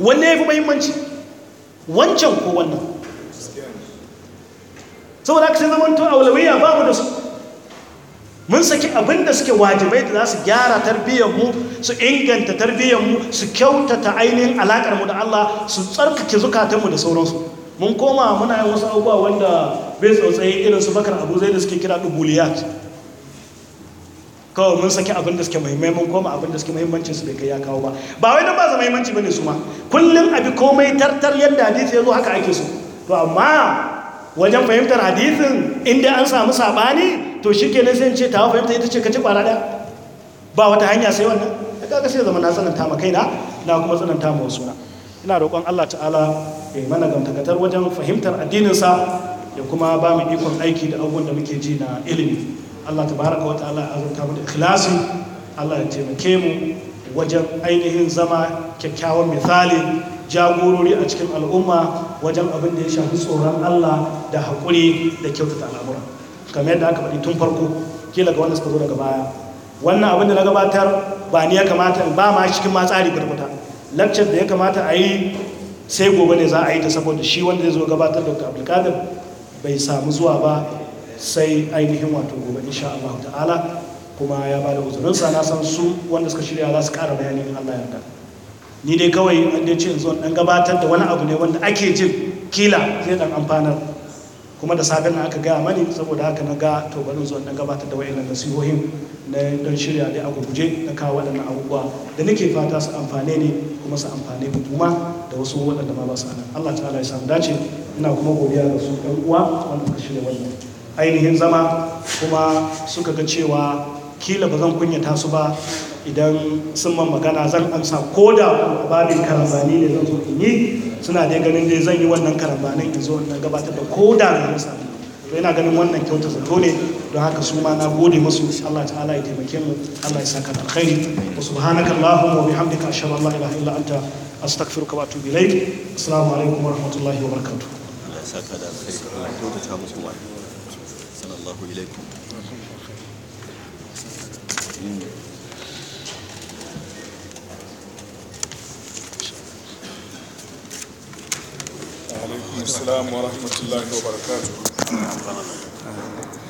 wanne ya fi mahimmanci wancan ko wannan saboda ka sai zamanto a walawiya babu da su mun saki abin da suke wajibai da za su gyara tarbiyyarmu su inganta tarbiyyarmu su kyautata ainihin alaƙarmu da Allah su tsarkake zukatanmu da sauransu mun koma muna yin wasu abubuwa wanda bai tsautsayi irin su bakar abu zai da suke kira dubuliyat kawai mun saki abin da suke muhimmai mun koma abin da suke muhimmancin su bai kai ya kawo ba ba wai don ba za muhimmanci bane su ma kullum abi komai tartar yadda hadisi ya zo haka ake so to amma wajen fahimtar hadisin inda an samu sabani to shi ke sai ce ta fahimta ita ce ka ci kwara ɗaya ba wata hanya sai wannan da kaga sai zama na tsananta ma kaina na kuma tsananta ma wasu na ina roƙon Allah ta'ala ya mana gamtakatar wajen fahimtar addininsa ya kuma ba mu ikon aiki da abubuwan da muke ji na ilimi Allah tabaraka wa ta'ala ya azurta mu da ikhlasi Allah ya taimake mu wajen ainihin zama kyakkyawan misali jagorori a cikin al'umma wajen abin da ya shafi tsoron Allah da haƙuri da kyautata al'amura. kamar yadda aka faɗi tun farko kila ga wanda suka zo daga baya wannan abin da na gabatar ba ni ya kamata ba ma cikin ma tsari gurguta lakcar da ya kamata a yi sai gobe ne za a yi ta saboda shi wanda zai zo gabatar da abdulkadir bai samu zuwa ba sai ainihin wato gobe insha Allah ta'ala kuma ya ba da sa na san su wanda suka shirya za su ƙara bayani in Allah yarda ni dai kawai an dai ce in zo dan gabatar da wani abu ne wanda ake jin kila zai dan amfanar kuma da safen aka gaya mani saboda haka na ga to bari zuwa na gabatar da wayannan nasihohin na don shirya dai a guje na kawo waɗannan abubuwa da nake fata su amfane ne kuma su amfane mu kuma da wasu waɗanda ma ba su Allah ta'ala ya samu dace ina kuma godiya ga su ɗan uwa wanda suka shirya wannan ainihin zama kuma suka ga cewa kila ba zan kunyata su ba idan sun man magana zan amsa ko da babin karambani ne zan zo in yi suna dai ganin dai zan yi wannan karambanin ya zo na gabatar da ko da na amsa to yana ganin wannan kyauta zato ne don haka su ma na gode musu Allah ta'ala ya taimake mu Allah ya saka da alkhairi wa subhanaka allahumma wa bihamdika ashhadu an la ilaha illa anta astaghfiruka wa atubu ilayk assalamu alaikum wa rahmatullahi wa barakatuh Allah ya saka da alkhairi Allah ta musu wa sallallahu alaikum alaikum assalam wa rahmatullahi wa barakatuh